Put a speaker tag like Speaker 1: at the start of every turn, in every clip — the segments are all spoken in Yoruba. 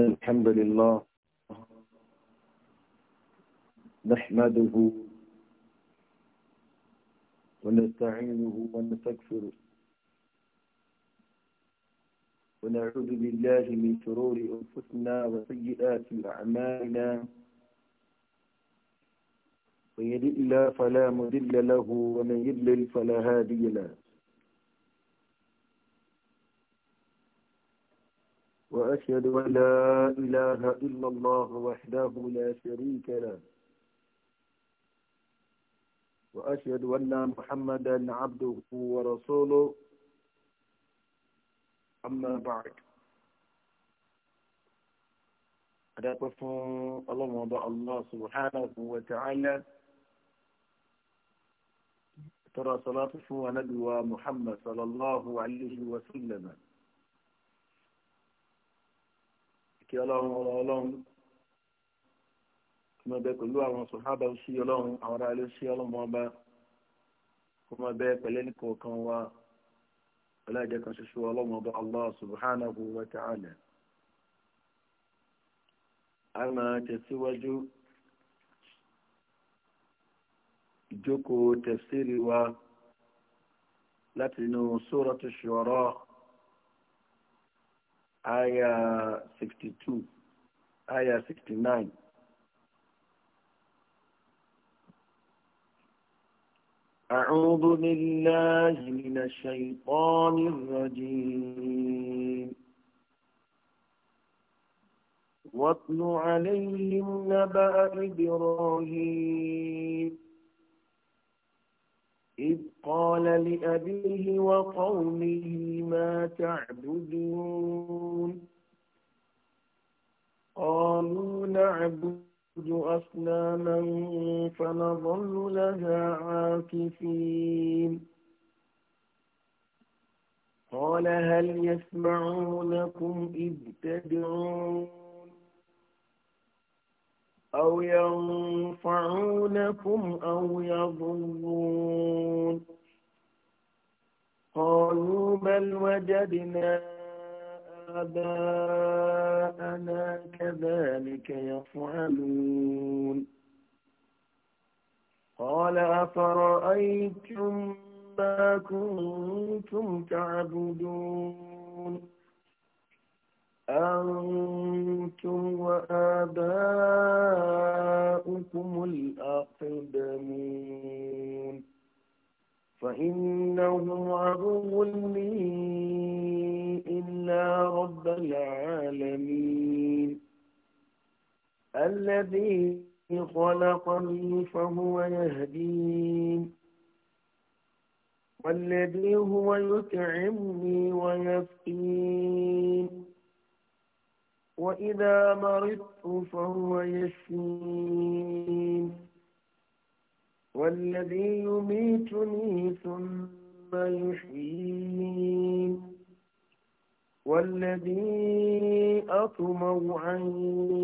Speaker 1: الحمد لله نحمده ونستعينه ونستغفره ونعوذ بالله من شرور أنفسنا وسيئات أعمالنا من يهد الله فلا مضل له ومن يضلل فلا هادي له وأشهد أن لا إله إلا الله وحده لا شريك له وأشهد أن محمدا عبده ورسوله أما بعد أدعو الله وضع الله سبحانه وتعالى ترى صلاة صلاته ونبي محمد صلى الله عليه وسلم kí ọlọ́run ọ̀rọ̀ ọlọ́run kí wọ́n bẹ pẹ̀lú àwọn sòhábà sí ọlọ́run àwọn ará ilé sí ọlọ́run ọba kí wọ́n bẹ pẹ̀lẹ́ ní kọ̀ọ̀kan wa ọlọ́jẹ́ kan ṣoṣo ọlọ́run ọba allah subhanahu wa ta'ala. a máa tẹ̀síwájú ìjókòó tafsiri wa láti inú suratu Shu'ara aya sixty two aya sixty nine. أعوذ بالله من الشيطان الرجيم واتل عليهم نبأ إبراهيم إذ قال لأبيه وقومه ما تعبدون قالوا نعبد أصناما فنظل لها عاكفين قال هل يسمعونكم إذ تدعون أو ينفعونكم أو يضرون قالوا بل وجدنا آباءنا كذلك يفعلون قال أفرأيتم ما كنتم تعبدون أنتم وآباؤكم الأقدمون فإنه عدو لي إلا رب العالمين الذي خلقني فهو يهدين والذي هو يطعمني ويسقين وإذا مرضت فهو يشفين والذي يميتني ثم يحيين والذي أطمع أن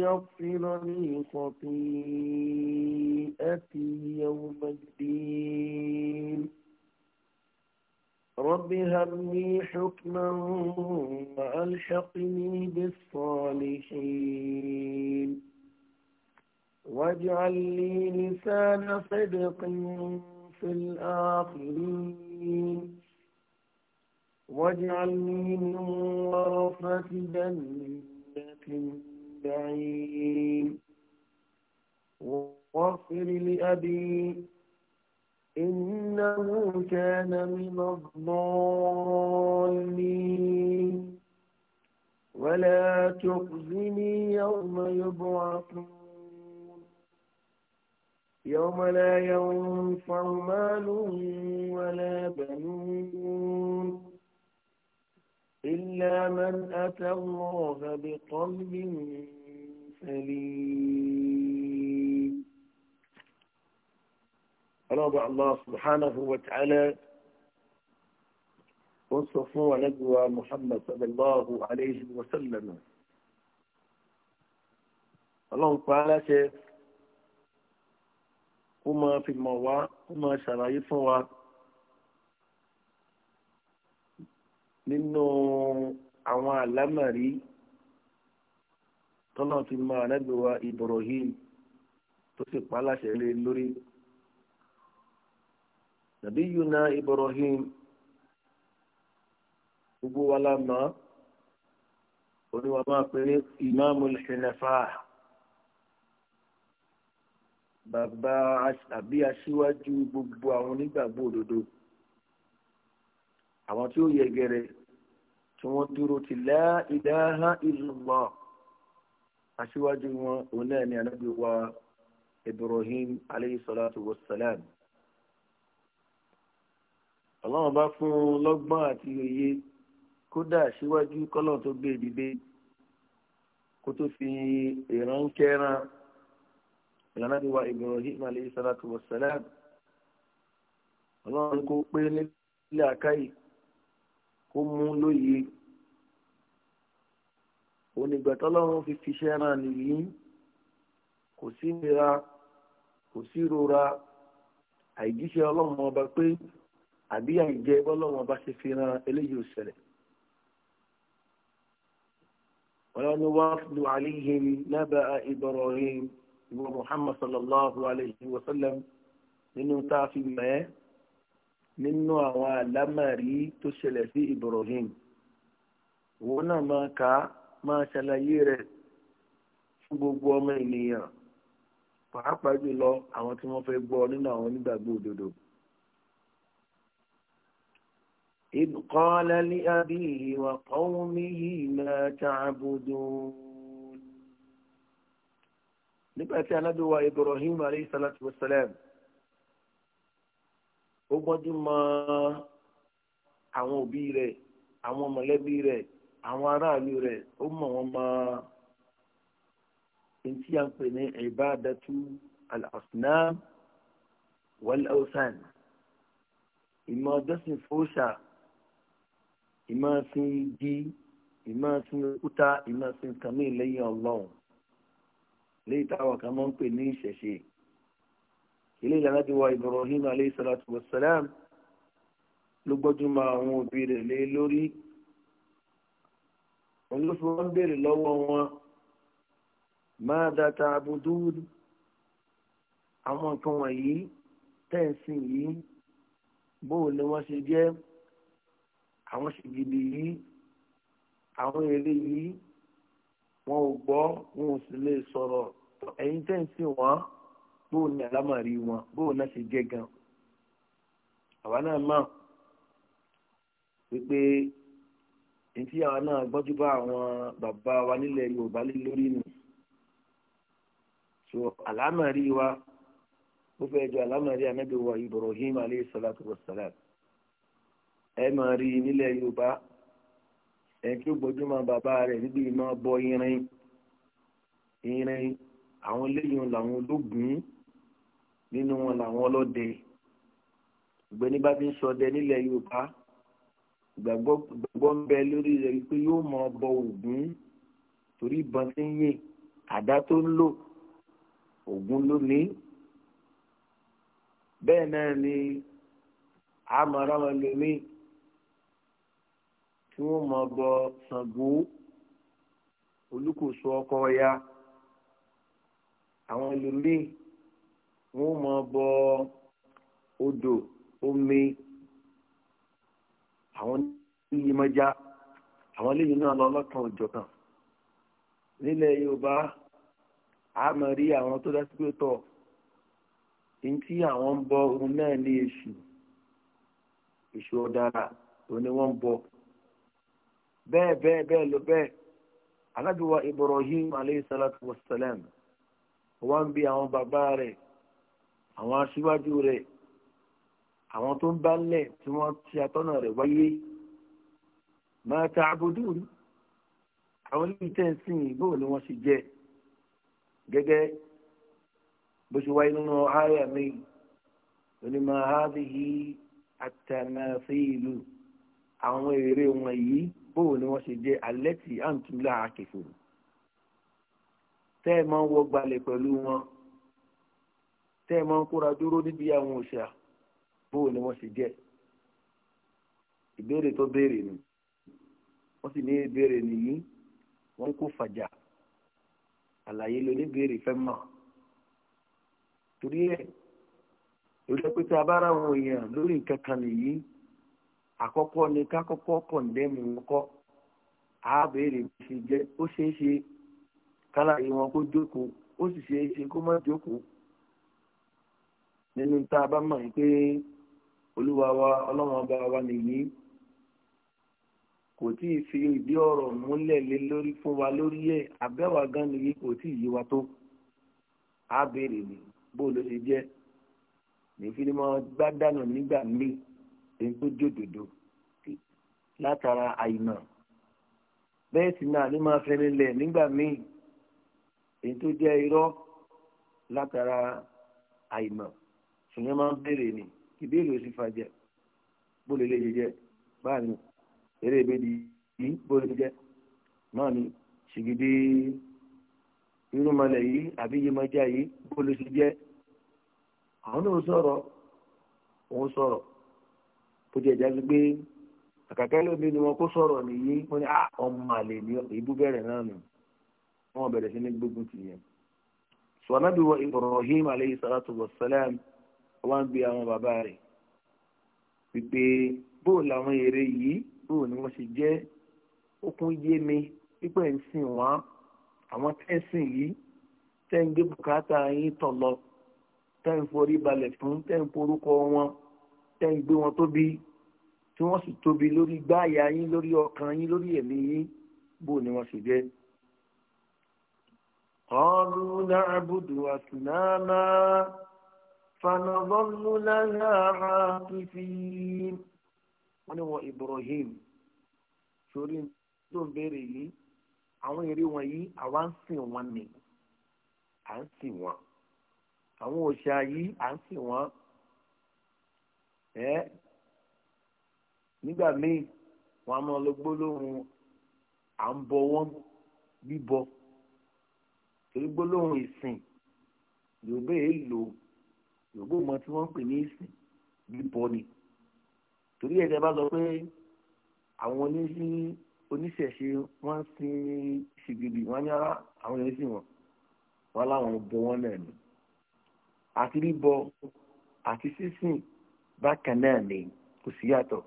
Speaker 1: يغفر لي خطيئتي يوم الدين رب هب لي حكما وألحقني بالصالحين واجعل لي لسان صدق في الآخرين واجعلني من ورثة جنة النعيم واغفر لأبي إنه كان من الضالين ولا تخزني يوم يبعثون يوم لا ينفع مال ولا بنون إلا من أتى الله بقلب سليم ọlọ́ọ̀bà allah subhanahu wa ta'ala ó sọ fún wa nẹ́gbẹ̀wá muhammad sallallahu alayhi wa sallam ọlọ́run pa aláṣẹ kó máa fi mọ̀ wá kó máa ṣàlàyé fún wa nínú àwọn àlámàrí tọ́lá ti máa nẹ́gbẹ̀wá ibrahim tó sì pa aláṣẹ lé lórí nàbíyùnà ibrahim gbogbo wa la mọ̀ oníwà máa pè ní ìmáàmù ìṣẹ̀lẹ̀fà bàbá àbí aṣíwájú gbogbo àwọn onígbàgbọ́ òdodo àwọn tí ó yẹgẹrẹ tí wọ́n dúró ti la ilaha illallah aṣíwájú wọn òun náà ni anábìwá ibrahim aleyhi salatu wa salam ọlọ́run bá fún un lọ́gbọ́n àti òye kódà síwájú kọ́lọ́n tó gbé e dìde kó tó fi ìrànkẹ́ ìlànà tí wa Ibrahim alayhi salatu wa salam ọlọ́run kó pé nílé àkáyì kó mú lóye onígbàtọ́lọ́run fi fiṣẹ́ ran nìyí kò sí nira kò sí rora àìjíṣẹ́ ọlọ́run ọba pé àbí àìjẹ́ bọ́lọ́wọ́n bá ṣe fi ran eléyìí ò ṣẹlẹ̀ ọlọ́ni wá lu àlíhìn lábẹ́ ìbọ̀rọ̀hìn ìwọ muhammad sallallahu alayhi wa sallam nínú tá a fi mẹ́ nínú àwọn àlámàrí tó ṣẹlẹ̀ sí ìbọ̀rọ̀hìn òun náà máa kà á máa ṣàlàyé rẹ̀ fún gbogbo ọmọ ènìyàn pàápàá jùlọ àwọn tí wọ́n fẹ́ gbọ́ nínú àwọn onígbàgbọ́ òdodo. إذ قال لأبيه وقومه ما تعبدون نبقى دوا إبراهيم عليه الصلاة والسلام ó gbọ́dọ̀ mọ àwọn òbí rẹ̀ àwọn mọ̀lẹ́bí rẹ̀ àwọn aráàlú rẹ̀ ó mọ̀ wọ́n mọ ntí à ń pè ní ìbádàtú al-asnam wal-awsan ìmọ̀ ọdọ́sìn fòṣà ìmọ̀ọ́sìn igi ìmọ̀ọ́sìn òkúta ìmọ̀ọ́sìn kàmí lẹ́yìn ọlọ́run léyìí táwọn kan máa ń pè ní ìṣẹ̀ṣe ilé ìlànà ti wá Ibrahim aleyhi salatu wa salam ló gbọ́júmọ́ àwọn òbí rẹ̀ lé lórí wọn ló fi wọn béèrè lọ́wọ́ wọn máa dáta abudú àwọn nǹkan wọ̀nyí tẹ̀sìn yìí bóun ni wọ́n ṣe jẹ́ àwọn ṣìgìdì yìí àwọn eré yìí wọn ò gbọ́ wọn ò sì lè sọ̀rọ̀ ẹ̀yin tẹ́ ń sìn wọ́n bóò ní alámọ̀rí wọn bóò náà ṣe jẹ́ gan àwa náà mọ̀ wípé ètí àwa náà gbọ́jú bá àwọn bàbá wa nílẹ̀ Yorùbá lé lórí nù so alámọ̀rí wa ó fẹ́ jọ alámọ̀rí anábìwọ̀ Ibrahim aleyhi salatu wa salam ẹ máa rí i nílẹ̀ yorùbá ẹ kí ó gbójúmọ́ bàbá rẹ̀ níbi ìmọ̀ bọ irin irin àwọn eléyìí làwọn ológun nínú wọn làwọn ọlọ́dẹ ìgbẹ́ni bá ti ń ṣọdẹ nílẹ̀ yorùbá gbàgbọ́ ń bẹ lórí rẹ̀ pé yóò mọ ọbọ ògún torí ìbọn tí ń yìn àdá tó ń lò ògún ló ní. bẹ́ẹ̀ náà ni àmọ́ ara wọn lómi tí wọ́n mọ bọ Ṣàngó olùkóso ọkọ ya àwọn ẹlòmíì wọ́n mọ bọ odò omi àwọn iye mọ́já àwọn eléyìí náà lọ lọ́kàn òjọ̀kan nílẹ̀ Yorùbá a máa rí àwọn tó dá sí pé tọ̀ ntí àwọn ń bọ ohun náà ní èṣù èṣù ọ̀dàrà òun ni wọ́n ń bọ bẹ́ẹ̀ bẹ́ẹ̀ bẹ́ẹ̀ lọ bẹ́ẹ̀ alábìwá Ibrahim aleyhi salatu wa salam wọ́n ń bi àwọn bàbá rẹ̀ àwọn aṣíwájú rẹ̀ àwọn tó ń bá lẹ̀ tí wọ́n ti atọ́nà rẹ̀ wáyé máa ta àbòdù rí àwọn ilé tẹ́ ń sìn bóò ni wọ́n ṣe jẹ́ gẹ́gẹ́ bó ṣe wáyé nínú àyà mi onímọ̀ hádìí àtàmàfẹ́ àwọn èrè wọ̀nyí bóò ni wọ́n ṣe jẹ́ alẹ́ tí à ń tún lára kẹfòrò tẹ́ ẹ máa ń wọ gbalẹ̀ pẹ̀lú wọn tẹ́ ẹ máa ń kóra dúró níbi àwọn òṣà bóò ni wọ́n ṣe jẹ́ ìbéèrè tó béèrè ni wọ́n sì ní ìbéèrè nìyí wọ́n kó fàjà àlàyé lóní béèrè fẹ́ mọ̀ torí ẹ̀ lórí ẹ pé tí a bá ra àwọn èèyàn lórí nǹkan kan nìyí àkọ́kọ́ ni ká kọ́kọ́ kọ̀ǹdẹ́mù wọn kọ́ àábẹ̀rẹ̀ ṣe jẹ́ ó ṣeé ṣe kálàyé wọn kó jókòó ó sì ṣeé ṣe kó má jókòó nínú tá a bá mọ̀ pé olúwa wa ọlọ́wọ́n bá wa nìyí kò tí ì fi ìdí ọ̀rọ̀ múlẹ̀ lé lórí fún wa lórí ẹ̀ abẹ́wà gan nìyí kò tí ì wa tó àábẹ̀rẹ̀ ni bó ló ṣe jẹ́ ní fílímọ̀ gbádànù nígbà míì èyí tó jòdòdò látara àìmọ̀ bẹ́ẹ̀ sì náà ló máa fẹ́ni lẹ̀ nígbà míì èyí tó jẹ́ irọ́ látara àìmọ̀ ṣùgbọ́n máa ń béèrè ni ìbéèrè ò sì fàjẹ́ bó lè lè jẹjẹ báà ni eré ìbéèrè yìí bó lè jẹ náà ni ṣìgìdì irúnmọlẹ̀ yìí àbí yemọjá yìí bó lè ṣe jẹ́ àwọn náà sọ̀rọ̀ òun sọ̀rọ̀ bó ti ẹ̀já sí àkàkẹ́ lómi ni wọn kó sọ̀rọ̀ nìyí wọn ni ah, ọmọ àlè ní ìbú bẹ̀rẹ̀ náà nù wọn bẹ̀rẹ̀ sí ní gbógun tì yẹn. sọ̀nàbí wa Ibrahim aleyhi salatu wa salam wọn bí àwọn bàbá rẹ̀ pípé bóò làwọn ère yìí bóò ni wọ́n ṣe jẹ́ okun yé mi pípẹ́ ń sìn wọ́n àwọn tẹ́sìn yìí tẹ́ ń gbé bùkátà yín tọ̀ lọ tẹ́ ń forí balẹ̀ fún tẹ́ ń forúkọ wọn tẹ́ ìgbé wọn tóbi tí wọ́n sì tóbi lórí gbáàyà yín lórí ọkàn yín lórí ẹ̀mí yín bó ni wọ́n sì jẹ́. Ọlú láàbùdù àsìnáàmá fanabọ́lú láyàrá fífi. Wọ́n ní wọn Ibrahim sórí tó ń béèrè yìí, àwọn eré wọn yìí àwa ń sìn wọn ni, à ń sìn wọn. Àwọn òòṣà yìí à ń sìn wọn ẹ nígbà míì wọn a máa lọ gbólóhùn à ń bọ wọn bíbọ torí gbólóhùn ìsìn yorùbá èyí lò yorùbá mọ tí wọn ń pè ní ìsìn bíbọ ni torí ẹ̀ tẹ́ bá sọ pé àwọn oníṣí oníṣẹ̀ṣe wọ́n sin ṣìgìdì wọ́n ní ara àwọn èèyàn sì wọ́n wọ́n láwọn bọ wọ́n náà ni àti bíbọ àti sísìn bákan náà ni kò sí yàtọ̀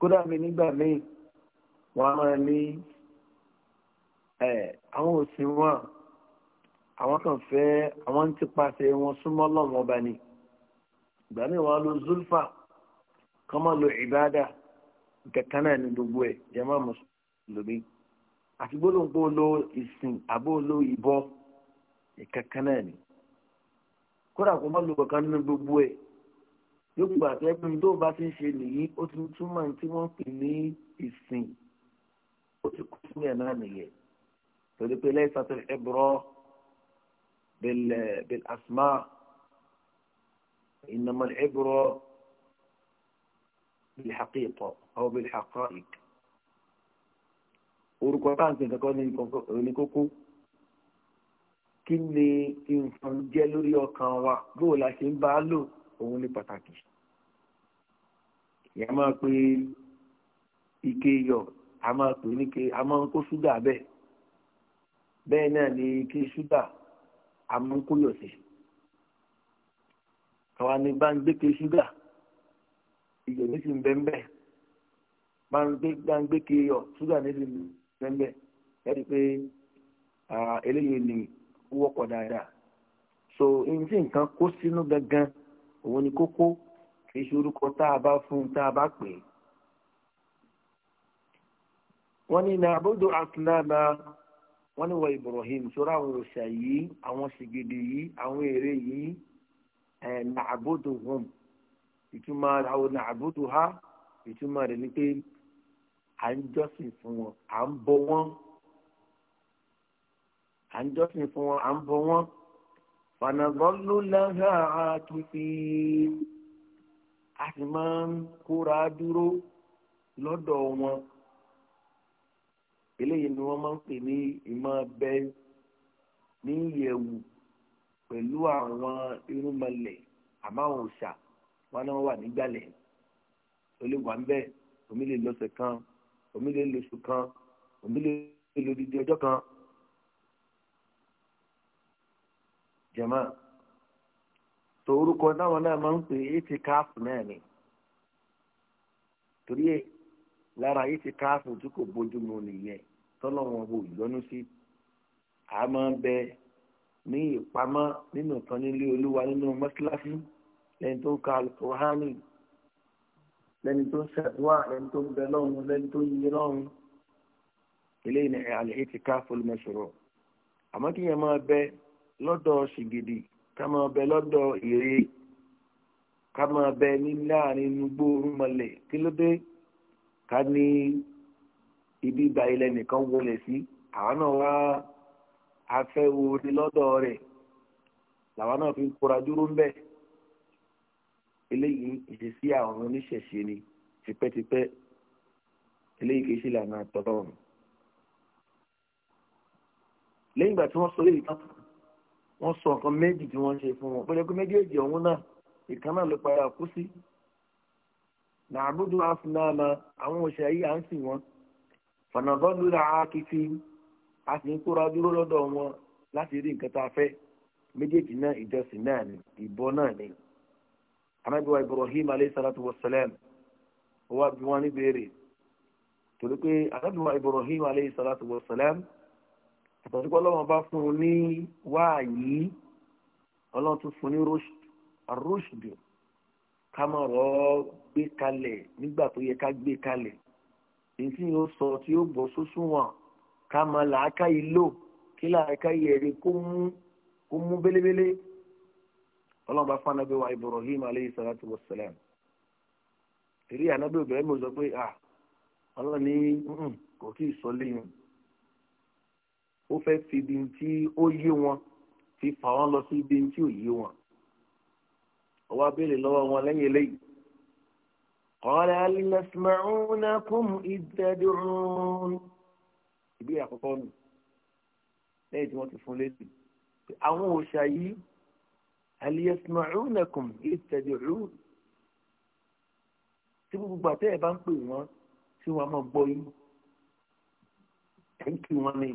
Speaker 1: kódà mi nígbà míì wọ́n á máa ní àwọn òsìn wọn àwọn kan fẹ́ àwọn ń tipasẹ̀ wọn súnmọ́ lọ́wọ́ ọba ni ìgbà míì wọ́n á lo zulfa kán máa lo ìbáàdà kankan náà ní gbogbo ẹ̀ jẹ́ máa mùsùlùmí àti gbólóńgbò lo ìsìn àbó lo ìbọ kankan náà ni kódà kó má lo kankan nínú gbogbo ẹ̀ lókùgbà tó yẹ pé tó bá ti ń ṣe nìyí ó ti túmọ̀ tí wọ́n pè ní ìsìn ó ti kú sí ẹ̀ náà nìyẹn torí pé lẹ́yìn sátẹ̀ ẹ̀bùrọ̀ bẹ̀lẹ̀ asma ìnàmọ̀ ẹ̀bùrọ̀ bẹ̀lẹ̀ àkíkọ̀ àwọn bẹ̀lẹ̀ àkọ́ ìk orúkọ táǹtì kankan ní kókó kí ni nǹkan jẹ́ lórí ọkàn wa bóò la ṣe ń bá lò òun ní pàtàkì ìyẹn máa pe ike yọ a máa pè ní ke a máa kó ṣúgà bẹ́ẹ̀ bẹ́ẹ̀ náà ni ike ṣúgà a máa kó yọ̀ sí àwa ni bá ń gbé ke ṣúgà iyọ̀ ní sì ń bẹ́ bẹ́ẹ̀ bá ń gbé bá ń gbé ke yọ̀ ṣúgà ní sì ń bẹ́ bẹ́ẹ̀ ẹ pé eléyìí ni wọ́pọ̀ dáadáa so ǹjẹ́ nǹkan kó sínú gangan òun ni kókó. kì í ṣe orúkọ tá a bá fún un tá a bá pè é. wọ́n ní nàbọ́dọ̀ wọ́n ní wọ Ibrahim sọ́rọ́ àwọn òòṣà yìí àwọn sìgìdì yìí àwọn ère yìí nàbọ́dọ̀ hùm ìtumọ̀ àwọn nàbọ́dọ̀ ha ìtumọ̀ rẹ̀ ni pé à ń jọ́sìn fún wọn à ń wọn à ń jọ́sìn a sì máa ń kóra dúró lọ́dọ̀ wọn eléyìí ni wọ́n máa ń pè ní ìmọ̀ bẹ ní ìyẹ̀wù pẹ̀lú àwọn irúnmọlẹ̀ àmọ́ àwọn òòṣà wọn náà wà nígbàlẹ̀ ó ń bẹ́ẹ̀ omi lè lọ́sẹ̀ kan omi lè lóṣù kan omi lè lòdìdí ọjọ́ kan jẹ̀mọ́ so orúkọ táwọn náà máa ń pè é káàfù náà ni torí ẹ lára ètí káàfù tí kò bójúmu nìyẹn tọ́lọ́wọ́n wo ìyọnu sí a máa ń bẹ ní ìpamọ́ nínú kan nílé olúwa nínú mọ́síláṣí lẹ́ni tó ń ka alukóhánì lẹ́ni tó ń ṣàdúrà lẹ́ni tó ń bẹ lọ́run lẹ́ni tó ń yí lọ́run eléyìí ni àlè ètí káàfù ló mẹ́sọ̀rọ̀ àmọ́ kí yẹn máa bẹ lọ́dọ̀ ṣìgìdì Kama máa bẹ lọ́dọ̀ ìrè ká máa bẹ ní láàrin nugbó kí ló dé ká ní ibi ìgbà ilẹ̀ nìkan wọlé sí àwọn náà wá afẹ́ orin lọ́dọ̀ rẹ̀ làwọn náà fi ń kóra dúró ń bẹ̀ eléyìí ìṣesí àwọn oníṣẹ̀ṣe ni tipẹ́tipẹ́ eléyìí kì ṣe ìlànà àtọ́rọ̀ ọ̀run ìgbà tí wọ́n sọ eléyìí tán wọ́n sọ nǹkan méjì tí wọ́n ṣe fún wọn pẹ̀lú pé méjèèjì ọ̀hún náà ìkan náà ló padà kú sí nàbùdù àfúnáàmà àwọn òṣèré yìí à ń sìn wọn fànàbọ́ọ̀lù rà á kìfì a sì ń kóra dúró lọ́dọ̀ wọn láti rí nǹkan tá a fẹ́ méjèèjì náà ìjọsìn náà ni ìbọ náà ni anábíwá Ibrahim alayhi salatu wa salam wọ́n bí wọ́n ní béèrè torí pé anábíwá Ibrahim alayhi salatu wa salam. àtọ̀tí pé ọlọ́run bá fún un ní wáàyí ọlọ́run tún fún un ní rúṣdù ká máa rọ gbé kalẹ̀ nígbà tó yẹ ká gbé kalẹ̀ èyí tí yóò sọ tí yóò bọ̀ sósùwọ̀n ká máa làákà yìí lò kí làákà yìí ẹ̀rí kó mú kó mú bélébélé ọlọ́run bá fún anábẹ́wà Ibrahim aleyhi salatu wa salam èrí anábẹ́wà Ibrahim sọ pé ah ọlọ́run ní kò kí ì sọ léyìn ó fẹ́ fi ibi tí ó yé wọn fi fà wọ́n lọ sí ibi tí ò yé wọn. ọwọ́ abéèrè lọ́wọ́ wọn lẹ́yìn eléyìí. قال هل يسمعونكم إذ تدعون ìbí àkọ́kọ́ nù lẹ́yìn tí wọ́n ti fún létí àwọn òòṣà yìí hal yasma'unakum tí gbogbo àtẹ́ bá ń pè wọ́n tí wọ́n á máa gbọ́ yín ẹ̀ ń kí wọ́n ní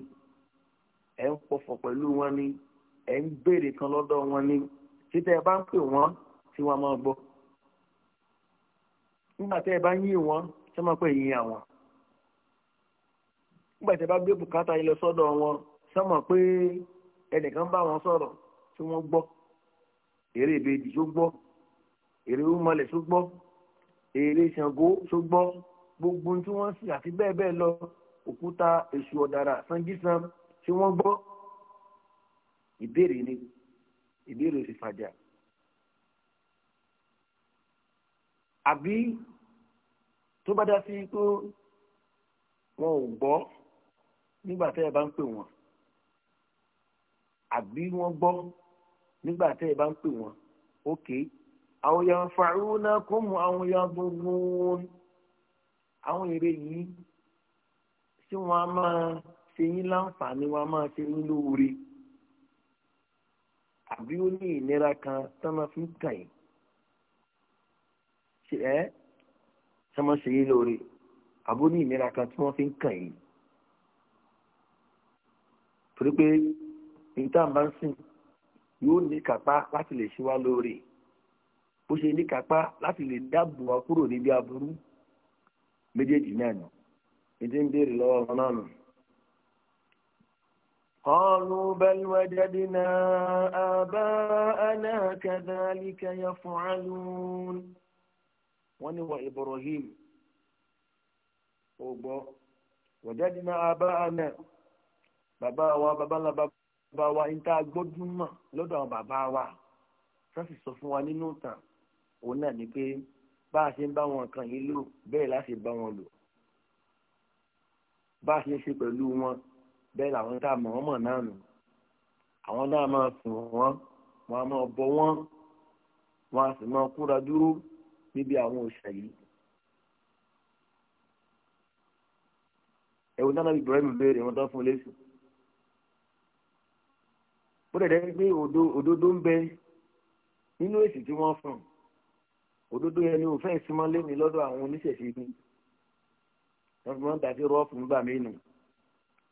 Speaker 1: ẹ̀ ń pọ̀fọ̀ pẹ̀lú wọn ni ẹ̀ ń béèrè kan lọ́dọ̀ wọn ni títẹ́ ẹ bá ń pè wọ́n tí wọ́n máa gbọ́ nígbà tẹ́ ẹ bá yín wọ́n tí wọ́n máa pè yín àwọn nígbà tẹ́ ẹ bá gbé bùkátà yín lọ sọ́dọ̀ wọn tí wọ́n mọ̀ pé ẹnìkan bá wọn sọ̀rọ̀ tí wọ́n gbọ́ èrè ìbejì tó gbọ́ èrè ìmọ̀lẹ̀ tó gbọ́ èrè ìṣàngó tó gbọ́ gbogbo tí wọ́n sì àti bẹ́ẹ̀ bẹ́ẹ̀ lọ òkúta èṣù ọ̀dàrà sanjísan tí wọ́n gbọ́ ìbéèrè ni ìbéèrè sì fàjà àbí tó bá dá sí pé wọn ò gbọ́ nígbà tẹ́ ẹ bá ń pè wọ́n àbí wọ́n gbọ́ nígbà tẹ́ ẹ bá ń pè wọ́n ókè àwọn èèyàn fàrúnà kó mu àwọn èèyàn gbogbo àwọn èrè yìí tí wọ́n á máa ṣe yín láǹfààní wọn a máa ṣe yín lóore àbí ó ní ìnira kan tán máa fi ń kàn yín ṣe ẹ́ tán máa ṣe yín lóore àbó ní ìnira kan tí wọ́n fi ń kàn yín torí pé níta bá ń yóò ní kápá láti lè ṣe wá lóore bó ṣe ní kápá láti lè dáàbò wá kúrò níbi aburú méjèèjì náà nù ètò ń béèrè lọ́wọ́ wọn náà nù. قالوا بل وجدنا آباءنا كذلك يفعلون wọ́n ní wọ Ibrahim ó gbọ́ wajadina abaana bàbá wa bàbá ńlá bàbá wa níta gbójúmọ̀ lọ́dọ̀ àwọn bàbá wa sọ́sì sọ fún wa nínú ìtàn òun náà ni pé bá a ṣe ń bá wọn kan yìí lò bẹ́ẹ̀ la ṣe bá wọn lò bá a ṣe ń ṣe pẹ̀lú wọn bẹ́ẹ̀ làwọn tá a mọ̀ wọ́n mọ̀ náà nù àwọn náà máa sùn wọ́n wọ́n á máa bọ wọ́n wọ́n á sì máa kúra dúró níbi àwọn òòṣà yìí. ẹ̀wọ̀n náà nàbí Ibrahim béèrè wọn tán fún un lẹ́sìn. ó dẹ̀ dẹ́ pé òdodo ń bẹ nínú èsì tí wọ́n fún un òdodo yẹn ni òfẹ́ ìsímọ́lé mi lọ́dọ̀ àwọn oníṣẹ̀ṣe mi wọ́n fi máa ń dàbí rọ́ọ̀fù nígbà mí nù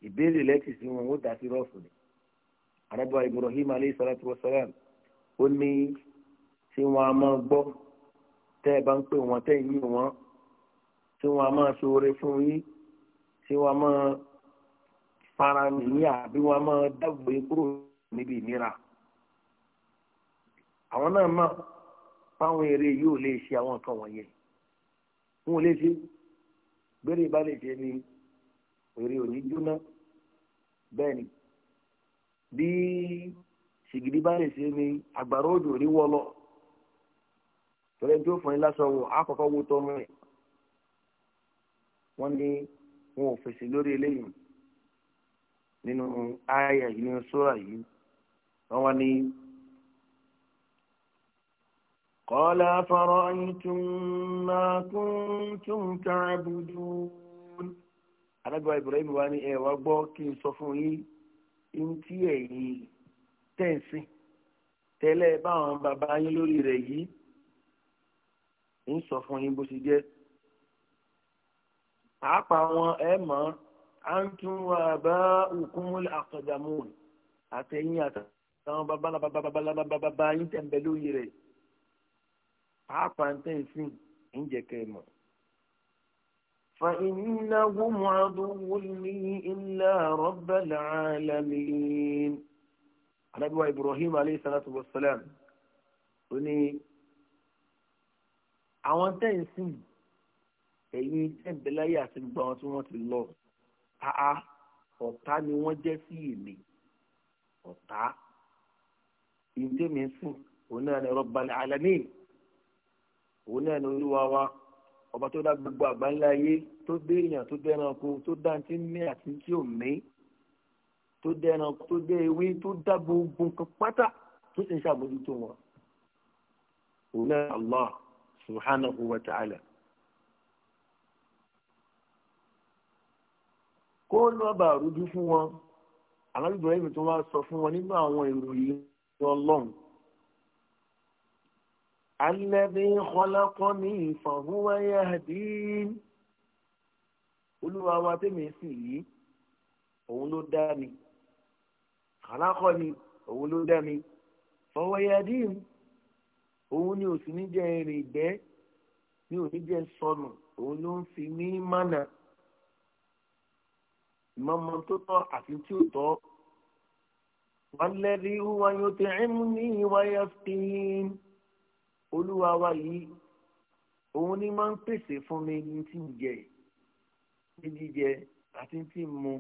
Speaker 1: ìbéèrè lẹ́tì sí wọn ó dá rọ́ọ̀fù ni arábíwá Ibrahim aleyhi salatu wa salam ó ní tí wọn a máa gbọ́ tẹ́ ẹ bá ń pè wọ́n tẹ́ yín wọ́n tí wọn a máa ṣoore fún yín tí wọn a máa fara nìyí àbí wọn a máa dáàbò yín kúrò níbi ìnira àwọn náà mọ̀ fáwọn eré yóò lè ṣe àwọn nǹkan wọ̀nyẹn wọn ò ṣe gbére ìbálẹ̀ jẹ́ ni èrè òní jóná bẹ́ẹ̀ ni bí sìgìdì bá ni àgbàrá òjò rí wọlọ, lọ tọ́lẹ̀ fún yín lásán wò àkọ́kọ́ wó tọ́nu rẹ̀ ní wọn ò fèsì lórí eléyìí nínú àyà yìí nínú sóra yìí wá ní. قال alágbèbá Ibrahim wa ni ẹ wá gbọ́ kí n sọ fún yín ihun tí ẹ̀yin tẹ̀sí tẹ́lẹ̀ báwọn bàbá yín lórí rẹ̀ yìí ń sọ fún yín bó ṣe jẹ́ pàápàá wọn ẹ mọ̀ antum wa bá ukumul aqdamun àtẹ̀yìn àtàwọn babalababababababa yín tẹ̀ ń bẹ lórí rẹ̀ pàápàá ń tẹ̀sí ń jẹ́ kẹ́ ẹ mọ̀. فإنهم عدو لي إلا رب العالمين نبي إبراهيم عليه الصلاة والسلام ó ní àwọn tẹ́ǹsì ẹ̀yin tẹ́ǹbẹ̀láyà àti gbogbo àwọn tí wọ́n ti lọ àá ọ̀tá ni wọ́n jẹ́ sí èmi ọ̀tá ìdí mi sùn òun náà ni Rabbal Alamin òun náà ni olúwa wa ọba tó dá gbogbo àgbáńlá ayé tó dé èèyàn tó dé ẹranko tó dá ti mí àti tí ò mí tó dé ẹranko tó dé ewé tó dá gbogbo nǹkan pátá tó sì ń ṣàbójútó wọn. òun náà allah subhanahu wa ta'ala. kó lọ́ bá rújú fún wọn alábìbọn ẹ̀mí tó wá sọ fún wọn nínú àwọn ìròyìn ọlọ́run الذي خلقني فهو yahdin olúwa wa tèmi sì yìí òun ló dá mi khalaqani òun ló dá mi fahuwa yahdin òun ni ò ní jẹ́ ìrìn ìgbẹ́ ní òní jẹ́ sọnù òun ló ń fi ní mánà ìmọ̀mọ́ tó tọ́ àti tí ò tọ́ wal ladhi huwa yut'imuni wa yasqin olúwa wa yìí òun ni máa ń pèsè fún mi ní tí ń jẹ ní jíjẹ àti tí ń mu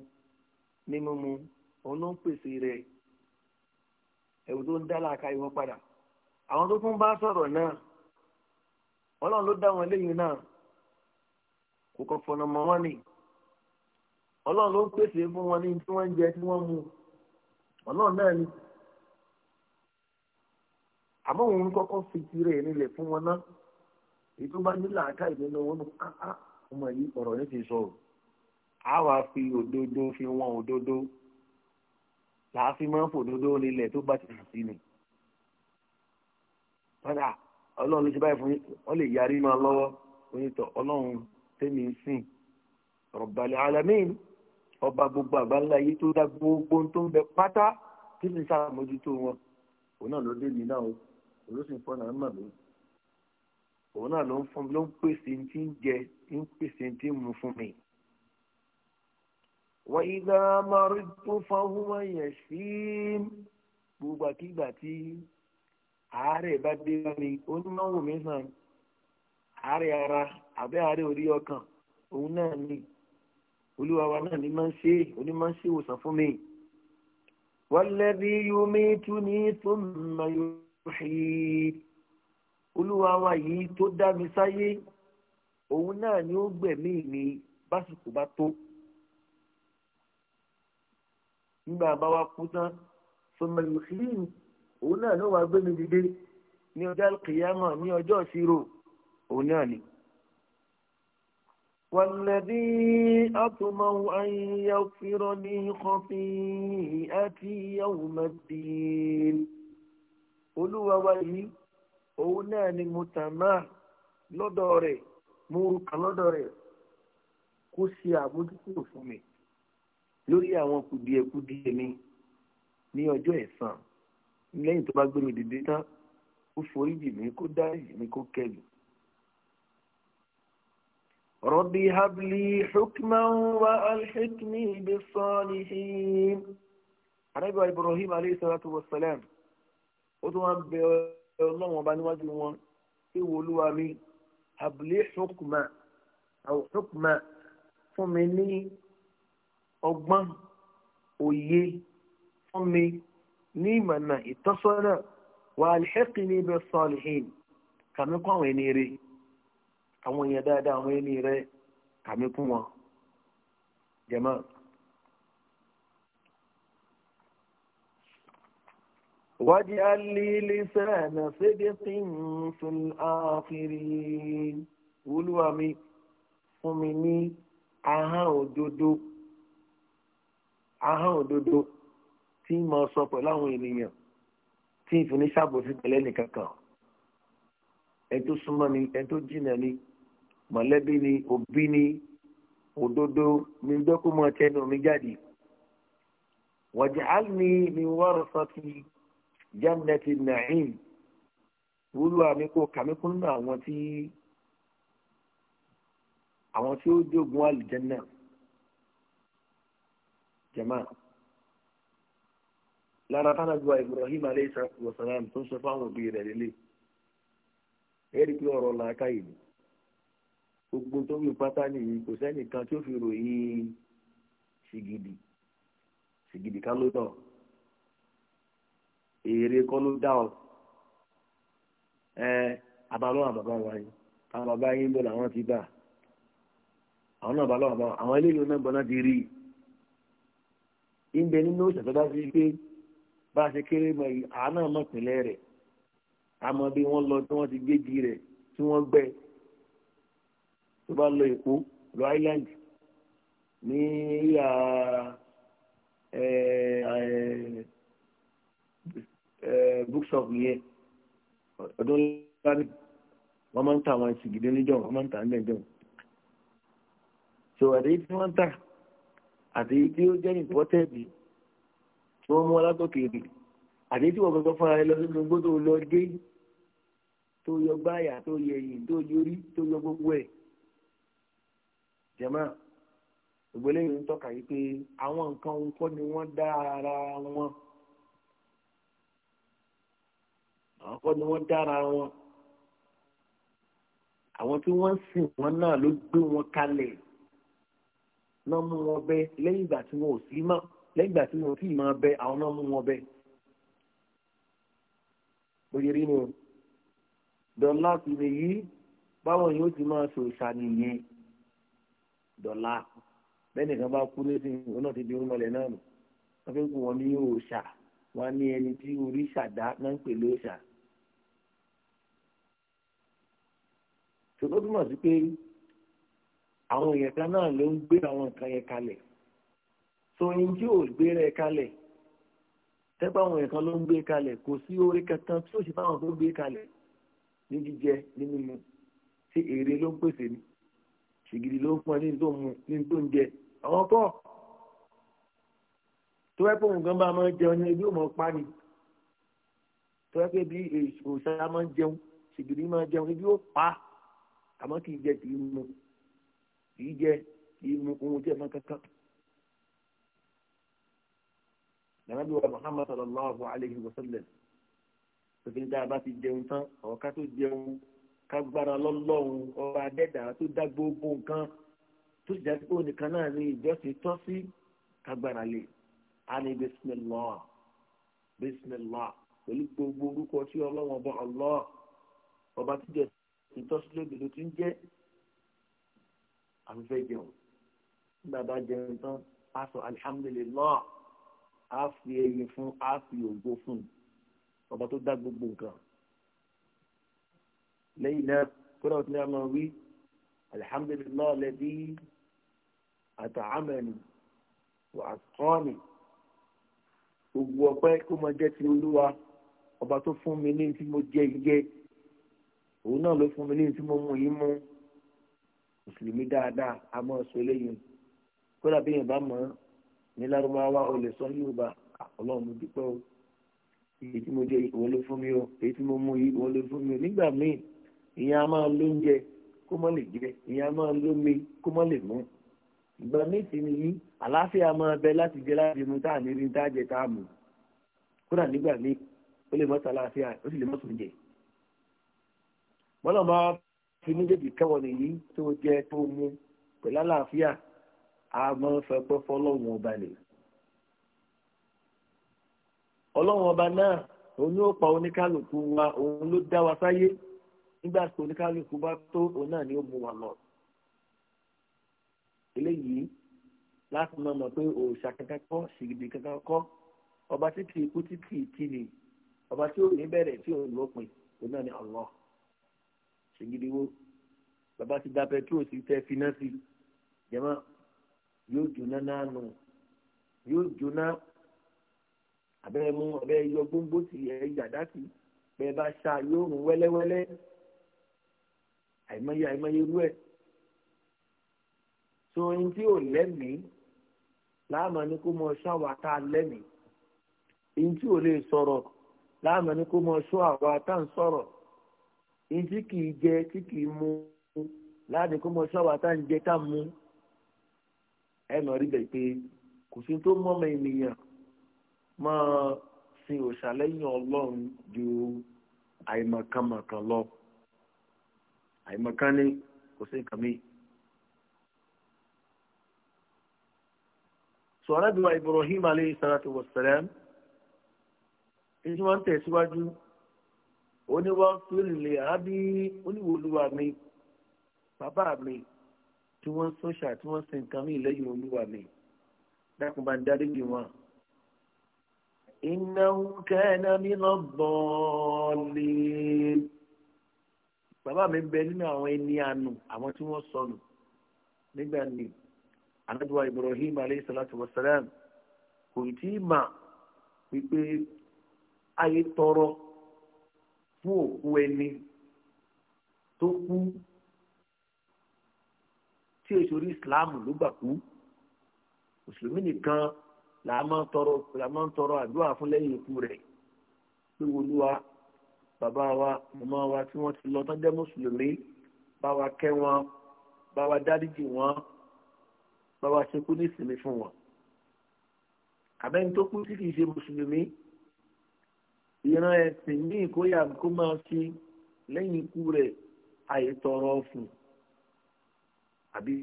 Speaker 1: ní mímu òun ló ń pèsè rẹ̀ ẹ̀wù tó ń dá láàka ìwọ́n padà àwọn tó tún bá sọ̀rọ̀ náà ọlọ́run ló dá wọn lẹ́yìn náà kò kàn fọ̀nà mọ́ wọn ni ọlọ́run ló ń pèsè fún wọn ní tí wọ́n ń jẹ tí wọ́n mu ọlọ́run náà ni àmọ́ òun kọ́kọ́ fi tirẹ̀ nílẹ̀ fún wọn ná èyí tó bá ní làákàyè nínú wọn nù áá ah, ah, ọmọ yìí ọ̀rọ̀ ní ti sọ o á wàá fi òdodo fi wọn òdodo làá fi máa ń fòdodo nílẹ̀ tó bá ti sùn sí ni padà ọlọ́run ló ṣe báyìí fún yín wọ́n lè yarí máa lọ́wọ́ onítọ̀ ọlọ́run tẹ́mi ń sìn rọ̀bàlẹ̀ alamin ọba gbogbo àgbáńlá yìí tó dá gbogbo tó ń bẹ pátá kí ni sáà mójútó wọn òun náà ló dé mi náà o olóṣèlú fọ́nà ń mọ̀ mí òun náà ló ń fún ló ń pèsè tí ń jẹ ń pèsè tí ń mu fún mi. wọ́n ìgbà máa tó fáwọn èèyàn sí gbogbo tí àárẹ̀ bá dé bá mi onímọ̀wò mi sàn àárẹ̀ ara àbẹ́ àárẹ̀ orí ọkàn òun náà ni olúwa náà ni máa ń ṣe onímọ̀ ń ṣe ìwòsàn fún mi. wọ́n lẹ́bi yomi tún ní tó mọ̀ yóò olúwa wa yìí tó dá mi sáyé òun náà ni ó gbẹ̀mí mi básìkò bá tó nígbà bá wa kú tán sọmọlù kìlín òun náà ló wà gbé mi dìde ní ọjọ́ kìyàmọ̀ ní ọjọ́ ìṣirò òun náà ni. والذي أطمع أن يغفر لي خطيئتي يوم الدين olúwa wa yìí òun náà ni mo tàn máa lọ́dọ̀ rẹ̀ mo kàn lọ́dọ̀ rẹ̀ kó ṣe àmójútó fún mi lórí àwọn kùdìẹ̀kudìẹ mi ní ọjọ́ ẹ̀san lẹ́yìn tó bá gbé mi dìde tán kó foríjì mi kó dáríjì mi kó kẹ́ mi. هب لي حكما وألحقني بالصالحين عن إبراهيم عليه الصلاة والسلام ó tún wá ń bẹ ọlọ́run ọba níwájú wọn ìwọ olúwa mi àbúlé ṣókùmá àwòṣókùmá fún mi ní ọgbọ́n òye fún mi ní ìmọ̀nà ìtọ́sọ́nà wà alhẹ́kì ní ibẹ̀ sọ́ọ̀lìhìn kàmí kún àwọn ẹni rẹ àwọn èèyàn dáadáa àwọn ẹni rẹ kàmí kún wọn jẹ̀mọ́. واجعل لي لسان صدق في الآخرين Olúwa mi fún mi ní ahọ́n òdodo ahọ́n òdodo tí mo sọ pẹ̀lú àwọn ènìyàn tí n fi ní ṣàbòsí pẹ̀lú ẹnìkankan ẹ tó súnmọ́ ni ẹ tó jìnnà ni mọ̀lẹ́bí ni òbí ni òdodo mi gbọ́ kó mọ tẹnu mi jáde waj'alni min warasati jannati na'im wúlúwa mi kò kàmí kún nínú àwọn tí àwọn tí ó jogun àlùjànnà jama lára tánàgbà ibrahim aleyhi wasalam tó ń sọ fáwọn òbí rẹ̀ lélẹ̀ ẹ̀rí pé ọ̀rọ̀ làákàyè ni gbogbo tó wí pátá nìyí kò sẹ́nìkan tí ó fi ròyìn sìgìdì sìgìdì ká èrè kọ́ ló dá ọ ẹ abalọ bàbá wa yìí àwọn bàbá làwọn ti bà àwọn náà balọ́wọ́ bàbá àwọn ilé náà gbọ́n ti rí i ń bẹ nínú sí pé bá a ṣe kéré mọ yìí àánà mọ̀ pínlẹ̀ rẹ̀ àmọ́ bí wọn lọ tí wọ́n ti tí gbẹ tó bá lọ Eh, bookshop yẹn ọdún lánàá wọ́n máa ń ta àwọn ìsìnkìdé níjọ́ wọ́n máa ń ta ní ẹjọ́ so àti tí wọ́n ń tà àti tí ó jẹ́ ìpọ́tẹ́ẹ̀dì tí wọ́n mú alákòókèrè àti tí wọ́n gbọ́dọ̀ fúnra rẹ lọ sínú gbọ́dọ̀ lọ dé tó yọ gbáyà tó yẹ yìí tó yorí tó yọ gbogbo ẹ̀ jẹ̀mọ́ ògbélé yìí ń tọ́ka yìí pé àwọn nǹkan òun kọ́ ni wọ́n dá ara wọn. àwọn kọ́ ni wọ́n dára wọn àwọn tí wọ́n sìn wọn náà ló gbé wọn kalẹ̀ náà mú wọn bẹ lẹ́yìn ìgbà tí wọn ò sí mọ́ lẹ́yìn ìgbà tí wọn ò tí ì máa bẹ àwọn náà mú wọn bẹ. bóyá rí nu dọ́là ti lè yí báwọn yóò ti máa sọ ìṣàníyàn dọ́là bẹ́ẹ̀ nìkan bá kú ní sin òun náà ti di orúmọlẹ̀ náà nù wọ́n fi kú wọn ní òòṣà wọn ní ẹni tí orí ṣàdá náà ń pè lóòṣà. ṣùgbọ́n tó mọ̀ sí pé àwọn èèyàn kan náà ló ń gbé àwọn nǹkan yẹn kalẹ̀ so ohun tí ò gbé rẹ̀ kalẹ̀ tẹ́pẹ́ àwọn èèyàn kan ló ń gbé kalẹ̀ kò sí orí kankan tí ó sì fáwọn tó gbé kalẹ̀ ní jíjẹ ní mímu ṣé èrè ló ń pèsè ni ṣègìdì ló ń pọn ní tó mu ní tó ń jẹ àwọn kọ́ tó wẹ́ pé òun gan bá máa jẹun ní ebi ò pa ni tó wẹ́ bí òṣà máa jẹun ṣègìdì máa jẹun ebi ò pa á àmọ́ kì í jẹ kì í mu kì í jẹ kì í mu ohun tí ẹ máa kankan. nàbí wa muhammad sallallahu alayhi wa sallam tòfin tá a bá ti jẹun tán àwọn ká tó jẹun ká gbára lọ́lọ́run ọba adẹ́dà tó dá gbogbo nǹkan tó sì pé onìkan náà ní ìjọsìn tọ́ sí ká gbára lé a ní bismillah pẹ̀lú gbogbo orúkọ tí ọlọ́wọ́n bọ́ Allah ọba tíjọ ìtọ́sílódì ló ti ń jẹ́ àfẹ́fẹ́ jẹun nígbà bá jẹun tán a sọ alihamudulilah a fi ẹyin fún a fi ògo fún ọba tó dá gbogbo nǹkan lẹ́yìn náà kódà tí a máa wí alihamudulilah lẹ́bí àtàhámẹ́ni wà á kọ́ni gbogbo ọpẹ́ kó máa jẹ́ ti olúwa ọba tó fún mi ní tí mo jẹ́ yìí òun náà ló fún mi léyìí tí mo mú yìí mú mùsùlùmí dáadáa a máa sọ eléyìí kódà bí yẹn bá mọ̀ ọ́ ní lárúbáwá o lè sọ yorùbá ọlọ́run mo dúpẹ́ o èyí tí mo jẹ ìwọ ló fún mi o èyí tí mo mú yìí ìwọ ló fún mi o nígbà míì ìyẹn a máa lóúnjẹ kó mọ́ lè jẹ ìyẹn a máa lómi kó mọ́ lè mú ìgbà míì sì nìyí àlàáfíà máa bẹ láti jẹ láti mu tá ní rí tá jẹ tá mú kódà nígbà míì ó lè mọ́ wọn náà máa fi méjèèjì kẹwọn nìyí tó jẹ tó mú pẹ̀lú àlàáfíà a máa fẹ́ pẹ́ fọlọ́run ọba lè. ọlọ́run ọba náà òun ló pa oníkálukú wa òun ló dá wa sáyé nígbà tí oníkálukú bá tó òun náà ni ó mú wa lọ. eléyìí láti máa mọ̀ pé òòṣà kankan kọ́ ṣìgìdì kankan kọ́ ọba tí kì í kú tí kì í kí ni ọba tí ò ní bẹ̀rẹ̀ tí ò lópin òun náà ni Allah ṣègidìwó bàbá ti da petrol sí tẹ finá sí jẹmọ yóò jóná náà nù yóò jóná abẹ mú abẹ yọ gbóngbó sí ẹ yàdá sí bẹẹ bá ṣá yóò rún wẹlẹwẹlẹ àìmọye àìmọye irú ẹ so ohun tí ò lẹ́mìí láàmú ni kó mọ ṣọ́ àwa tá a lẹ́mìí ohun tí ò lè sọ̀rọ̀ láàmú ni kó mọ ṣọ́ àwa tá a ń sọ̀rọ̀ ní tí kìí jẹ tí kìí mu láti kó mọ ṣọ́wà tá à ń jẹ tá à ń rí bẹ̀ pé kò sí tó mọ́mọ ènìyàn máa sin òòṣà ọlọ́run ju àìmọ̀kànmọ̀kàn lọ àìmọ̀kàn ni kò sí nǹkan míì. sọ̀rọ̀ bí wa Ibrahim aleyhi salatu wa salam ní tí wọ́n ń tẹ̀síwájú oníwàfíìlì àbí oníwòlúwa mi bàbá mi tí wọ́n sọ́ṣà tí wọ́n sin nǹkan mi lẹ́yìn olúwa mi dákun bá ń darí jù wọn. innahu kana mina ddallin bàbá mi bẹ nínú àwọn ẹni àánú àwọn tí wọ́n sọnù nígbà ní anábíwá ibrahim aleyhi salatu kò tí ì mà wípé ayé tọrọ fún òkú ẹni tó kú tí èso orí ìsìláàmù ló gbà kú mùsùlùmí nìkan là á máa tọrọ là á máa tọrọ àdúrà fún lẹ́yìn ikú rẹ̀ pé olúwa bàbá wa màmá wa tí wọ́n ti lọ tán jẹ́ mùsùlùmí bá wa kẹ́ wọn bá wa dáríjì wọn bá wa ṣekú ní ìsinmi fún wọn àbẹ́ni tó kú tí kìí ṣe mùsùlùmí ìran ẹ̀sìn ní ìkóyà kó máa fi lẹ́yìn ikú rẹ̀ àìtọrọ ọ̀fùn àbí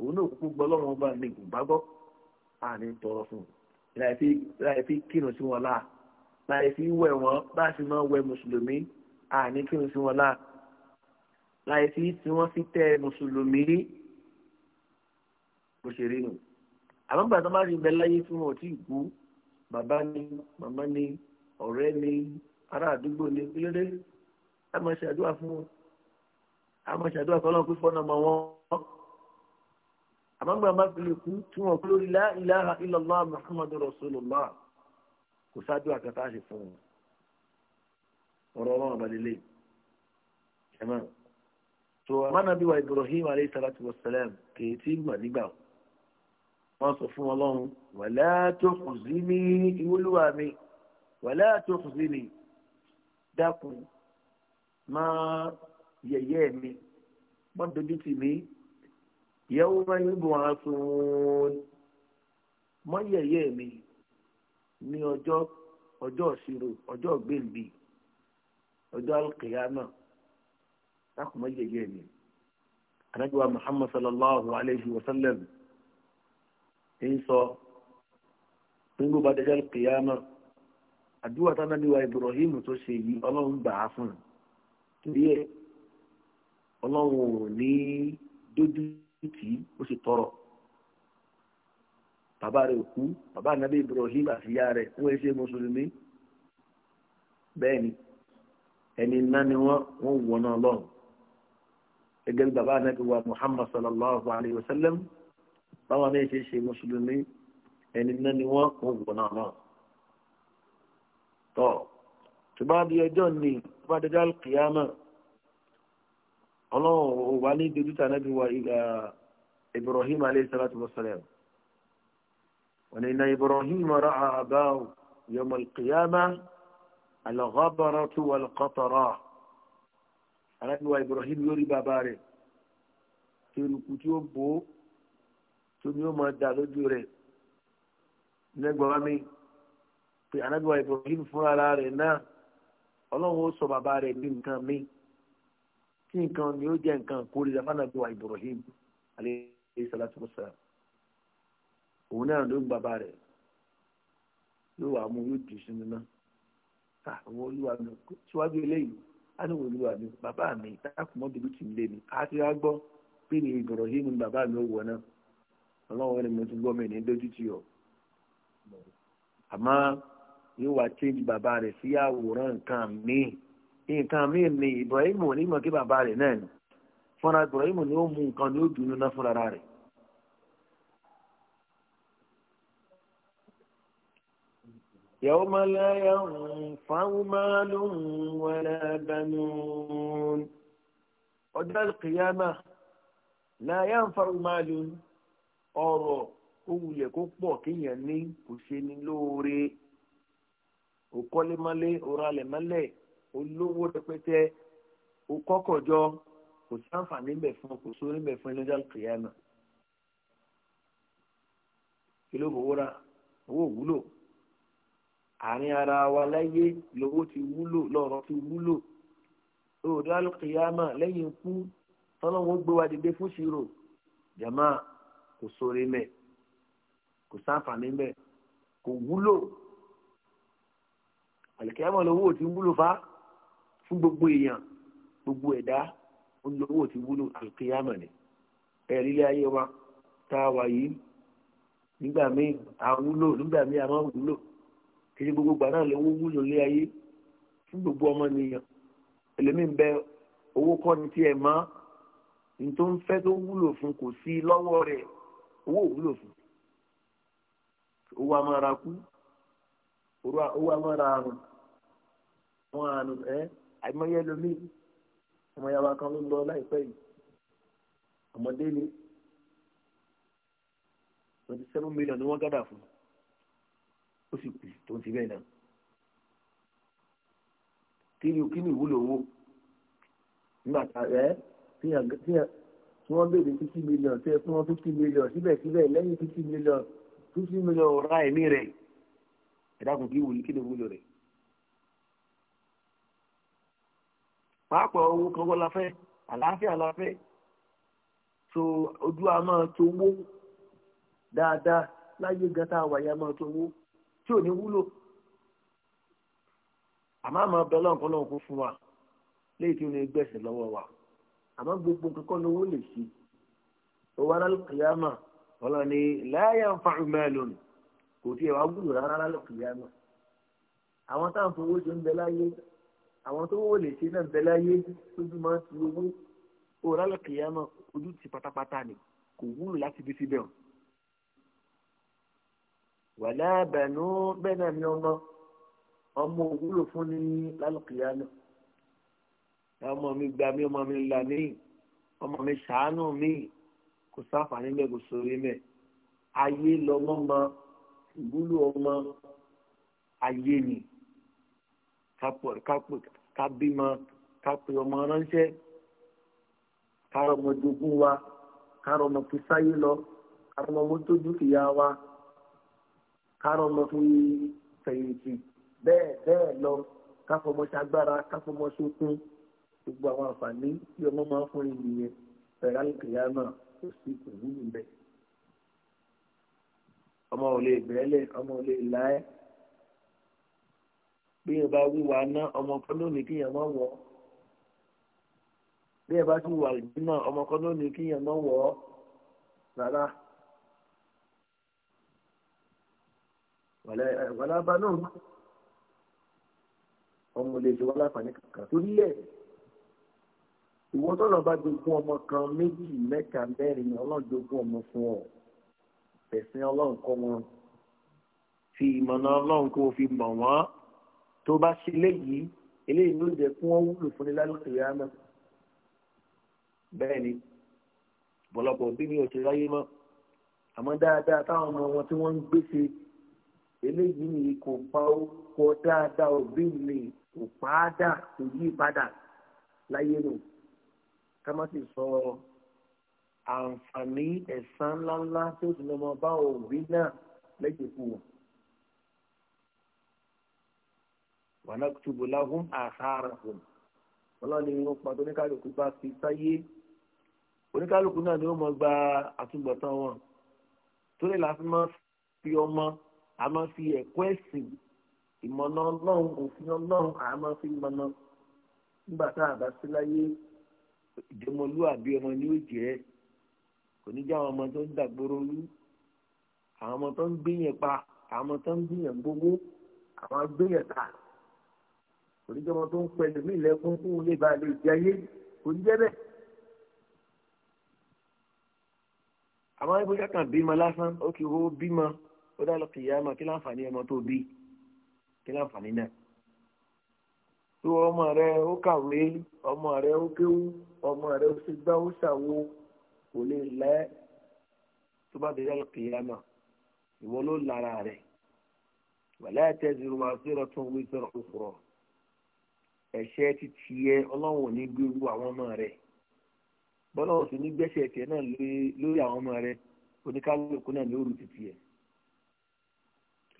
Speaker 1: òun náà kúkú gbọ́ lọ́wọ́ ọba ní ìgbà gbọ́ àní tọrọ fún láì fi kírun sí wọn láà láì fi wẹ̀ wọ́n bá sì máa wẹ̀ mùsùlùmí àní kírun sí wọn láà láì fi tí wọ́n fi tẹ mùsùlùmí bó ṣe rí nù. àmọ́ gbàtọ́ má rí bẹ́ẹ̀ láyé tí wọn ò tí ì kú bàbá ni màmá ni ọ̀rẹ́ ni ará àdúgbò ni eléré a máa ṣe àdúrà fún wọn a máa ṣe àdúrà fọlọ́n pé fọ́nà mọ́ wọn àmọ́gbà má fi lè kú tí wọ́n kú lórí la ilaha illallah muhammadu rasulullah kò sáájú àkàtà àṣẹ fún wọn ọ̀rọ̀ ọlọ́run àbálẹ́lẹ́ ẹ̀mọ́ tó amánàbí wa ibrahim aleyhi salatu wa salam kì tí mà nígbà wọn sọ fún ọlọ́run wàlá tó kù sí ní ìwúlúwa mi wàlá tukhzini dákun má yẹ̀yẹ́ mi má dojú tì mí yawma yub'athun má yẹ̀yẹ́ mi ní ọjọ́ ọjọ́ ìṣirò ọjọ́ gbèǹbì ọjọ́ alqiyama dákun má yẹ̀yẹ́ mi anabiwa muhammad sallallahu alayhi wa sallam ń sọ nígbà bá dẹjọ́ alqiyama àdúrà tánábíwá Ibrahim tó ṣe yìí ọlọ́run gbà á fún un torí ẹ ọlọ́run ò ní dójú tì í ó sì tọrọ bàbá rẹ̀ kú bàbá ànábì Ibrahim àti ìyá rẹ̀ wọ́n ṣe mùsùlùmí bẹ́ẹ̀ ni ẹni iná ni wọ́n wọ́n wọ̀nà ọlọ́run bàbá ànábì wa Muhammad sallallahu alayhi wa sallam báwọn náà ṣe ṣe mùsùlùmí ẹni iná ni wọ́n wọ́n wọ̀nà tọ́ tó bá di ọjọ́ ní tó bá dẹjọ́ kìámà ọlọ́run ò wá ní dojútà náà bí wa ìgbà ibrahim alayhi salatu wa salam wọn ni na ibrahim ra'a abahu yawm al-qiyama al-ghabaratu wal-qatara ibrahim lórí bàbá rẹ̀ tí olùkú tí ó bò ó tó ní ó máa dà lójú rẹ̀ lẹ́gbọ̀n mi. pé Ibrahim fúnra rẹ náà ọlọ́run ó sọ bàbá rẹ ní nǹkan mi tí nǹkan ni ó jẹ́ nǹkan kórìíra fánàbíwá Ibrahim alayhi òun náà ló ń bàbá rẹ̀ yóò wà mú yóò sínú náà ah, àwọn olúwa mi síwájú eléyìí olúwa mi bàbá mi bíbí tì lé mi àti ní Ibrahim bàbá mi ó wọ̀ náà ọlọ́run ẹni mo ti gbọ́ yóò wá change bàbá rẹ̀ sí àwòrán nǹkan míì nǹkan míì ni Ibrahim ò ní mọ̀ kí bàbá rẹ̀ náà ni fúnra Ibrahim ni ó mú nǹkan ni ó dùnú ná fúnra rẹ̀. يوم لا ينفع مال ولا بنون ọjọ́ ìkìyàmà láyà ń farò máa lò ọ̀rọ̀ kó kó pọ̀ kéèyàn ní kò ṣe ní lóore ó kọ́lé mọ́lé ó ralẹ̀ mọ́lẹ̀ ó lówó rẹpẹtẹ ó kọ́kọ̀jọ kò sí àǹfààní bẹ̀ fún kò sórí bẹ̀ fún ẹlẹ́jà kìíyàmà kí ló fowó ra owó wúlò àárín ara wa láyé lówó ti wúlò lọ́rọ̀ ti wúlò òòdà kìíyàmà lẹ́yìn ikú tọ́lọ́wọ́ gbé wa dìde fún ṣirò jàmá kò sórí mẹ́ kò sáǹfààní mẹ́ kò wúlò àlìkẹ́yàmọ̀ lówó tí ń wúlò fá fún gbogbo èèyàn gbogbo ẹ̀dá ń lówó tí wúlò àlìkẹ́yàmọ̀ ni ẹ̀rí ilé ayé wa tá a wà yìí nígbà míì à ń wúlò nígbà míì a máa ń wúlò kí ni gbogbo gbà náà lówó wúlò lé ayé fún gbogbo ọmọ nìyàn ẹlòmíì ń bẹ owó kọ́ ni tiẹ̀ mọ́ ní tó ń fẹ́ tó wúlò fún kò sí lọ́wọ́ rẹ̀ owó wúlò fún owó amára kú owó amára àrùn àwọn àrùn ẹ àìmọye lomi ọmọ yàrá kan ló lọ láìpẹ́ yìí ọmọdé ni twenty seven million ni wọ́n gádà fún ó sì kù tó ń ti bẹ́ẹ̀ náà kí ni kí ni ìwúlò owó nígbà tá ẹ tíyàn tíyàn tí wọ́n béèrè fifty million tí ẹ fún wọn fifty million síbẹ̀síbẹ̀ lẹ́yìn fifty million fifty million ra ẹ̀mí rẹ̀ ẹ̀dá kò kí wùlí kí ni ìwúlò rẹ̀. pàápàá owó kan wọ́n la fẹ́ àlàáfíà la fẹ́ so ojú a máa towó dáadáa láyé gan tá a wà yá máa towó tí ò ní wúlò àmọ́ àmọ́ bẹ́ẹ̀ lọ́nkọ́ lọ́nkọ́ fún wa léyìí tí ó ní gbẹ̀sẹ̀ lọ́wọ́ wa àmọ́ gbogbo nǹkan kọ́ lówó lè ṣe owó alálùkìyàmà ọlọ́run ni láyà ń fa ìmọ̀ẹ́lùn kò tí ẹ̀ wá wúlò rárá lálùkìyàmà àwọn táwọn fowó ṣe ń bẹ láyé àwọn tó wò lè ṣe náà bẹ láyé lójú máa ń ti owó òun lálọ́kìyà náà ojú ti pátápátá ni kò wúlò láti bí síbẹ̀ o. wàlá bẹ̀nú bẹ́ẹ̀ náà ni ọmọ ọmọ òwúlò fún ni lálọ́kìyà náà ọmọ mi gba mi ọmọ mi là mí ọmọ mi ṣàánú mi kò sáfàní mẹ́ kò sórí mẹ́ ayé lọ́mọ mọ ìwúlò ọmọ ayé ni kápò kápò k'a bímọ ká pe ọmọ ránṣẹ́ ká rọmọ jogún wa ká rọmọ fi sáyé lọ ká rọmọ mọ́tò dúkìá wa ká rọmọ fi bẹ́ẹ̀ lọ ká fọmọ ṣagbára gbogbo àwọn àǹfààní tí ọmọ máa ń fún ènìyàn pẹ̀lú àlùkìyà náà kò sí ọmọ ò lè ọmọ ò lè bí yẹn bá wíwá ná ọmọ kan lónìí kí yẹn má wọ̀ ọ́ bí yẹn bá ti wà lónìí náà ọmọ kan lónìí kí yẹn má wọ̀ ọ́ rárá. wàlá bá náà ọmọ lè ṣe wá láǹfààní kankan torí ẹ̀ ìwọ tọ́lọ̀ bá jogún ọmọ kan méjì mẹ́ta mẹ́rin ọlọ́run jogún ọmọ fún ọ ẹ̀sìn ọlọ́run kọ́ wọn fi ìmọ̀nà ọlọ́run kó o fi mọ̀ wọ́n tó bá ṣe léyìí eléyìí ló jẹ́ kí wọ́n wúlò fún ní lálùkù yá mọ́ bẹ́ẹ̀ ni ọ̀pọ̀lọpọ̀ bí mi ò ti ráyé mọ́ àmọ́ dáadáa táwọn ọmọ wọn tí wọ́n ń gbé ṣe eléyìí ni kò pa ó kọ dáadáa òbí mi kò pa á dà kò yí padà láyé nù ká má sì sọ àǹfààní ẹ̀san ńláńlá tó ti lọ́mọ bá òbí náà lẹ́yìn fún wọn. wa naktubu lahum atharahum ọlọ́ni wọn pa oníkálukú bá fi sáyé oníkálukú náà ni ó mọ gba àtúbọ̀tán wọn torí la fi máa fi ọmọ a máa fi ẹ̀kọ́ ẹ̀sìn ìmọ̀nà ọlọ́run òfin ọlọ́run a máa fi mọ̀nà nígbà tá a bá sí láyé ìdẹ́mọlúwàbí ọmọ ni ó jẹ́ kò ní jẹ́ àwọn ọmọ tó ń dàgbòrò rú àwọn ọmọ tó ń gbìyàn pa àwọn ọmọ tó ń gbìyàn gbogbo àwọn agbéyàn oníjọmọ tó ń pẹ̀lú mí lẹ́kún kún un lè ba lè jẹ ayé kò ní jẹ́ bẹ́ẹ̀. àwọn ẹgbẹ́ kankan bímọ lásán ó kì í hó bímọ ó dá lọ kìyà máa kí láǹfààní ọmọ tó bí kí láǹfààní náà tó ọmọ rẹ ó kàwé ọmọ rẹ ó kéwú ọmọ rẹ ó ṣègbà ó ṣàwo kò lè lẹ tó bá dé lọ kìyà náà ìwọ ló lára rẹ wàlẹ́ àtẹ̀síru máa fi rọ̀ tún wí sọ̀rọ̀ òfurọ̀. ẹ̀ṣẹ̀ titi tiẹ̀ ọlọ́run ò ní gbérú àwọn ọmọ rẹ̀ bọ́lọ́run sì ní gbẹ́sẹ̀ tiẹ̀ náà lórí àwọn ọmọ rẹ oníkálukú náà lóru titi tiẹ̀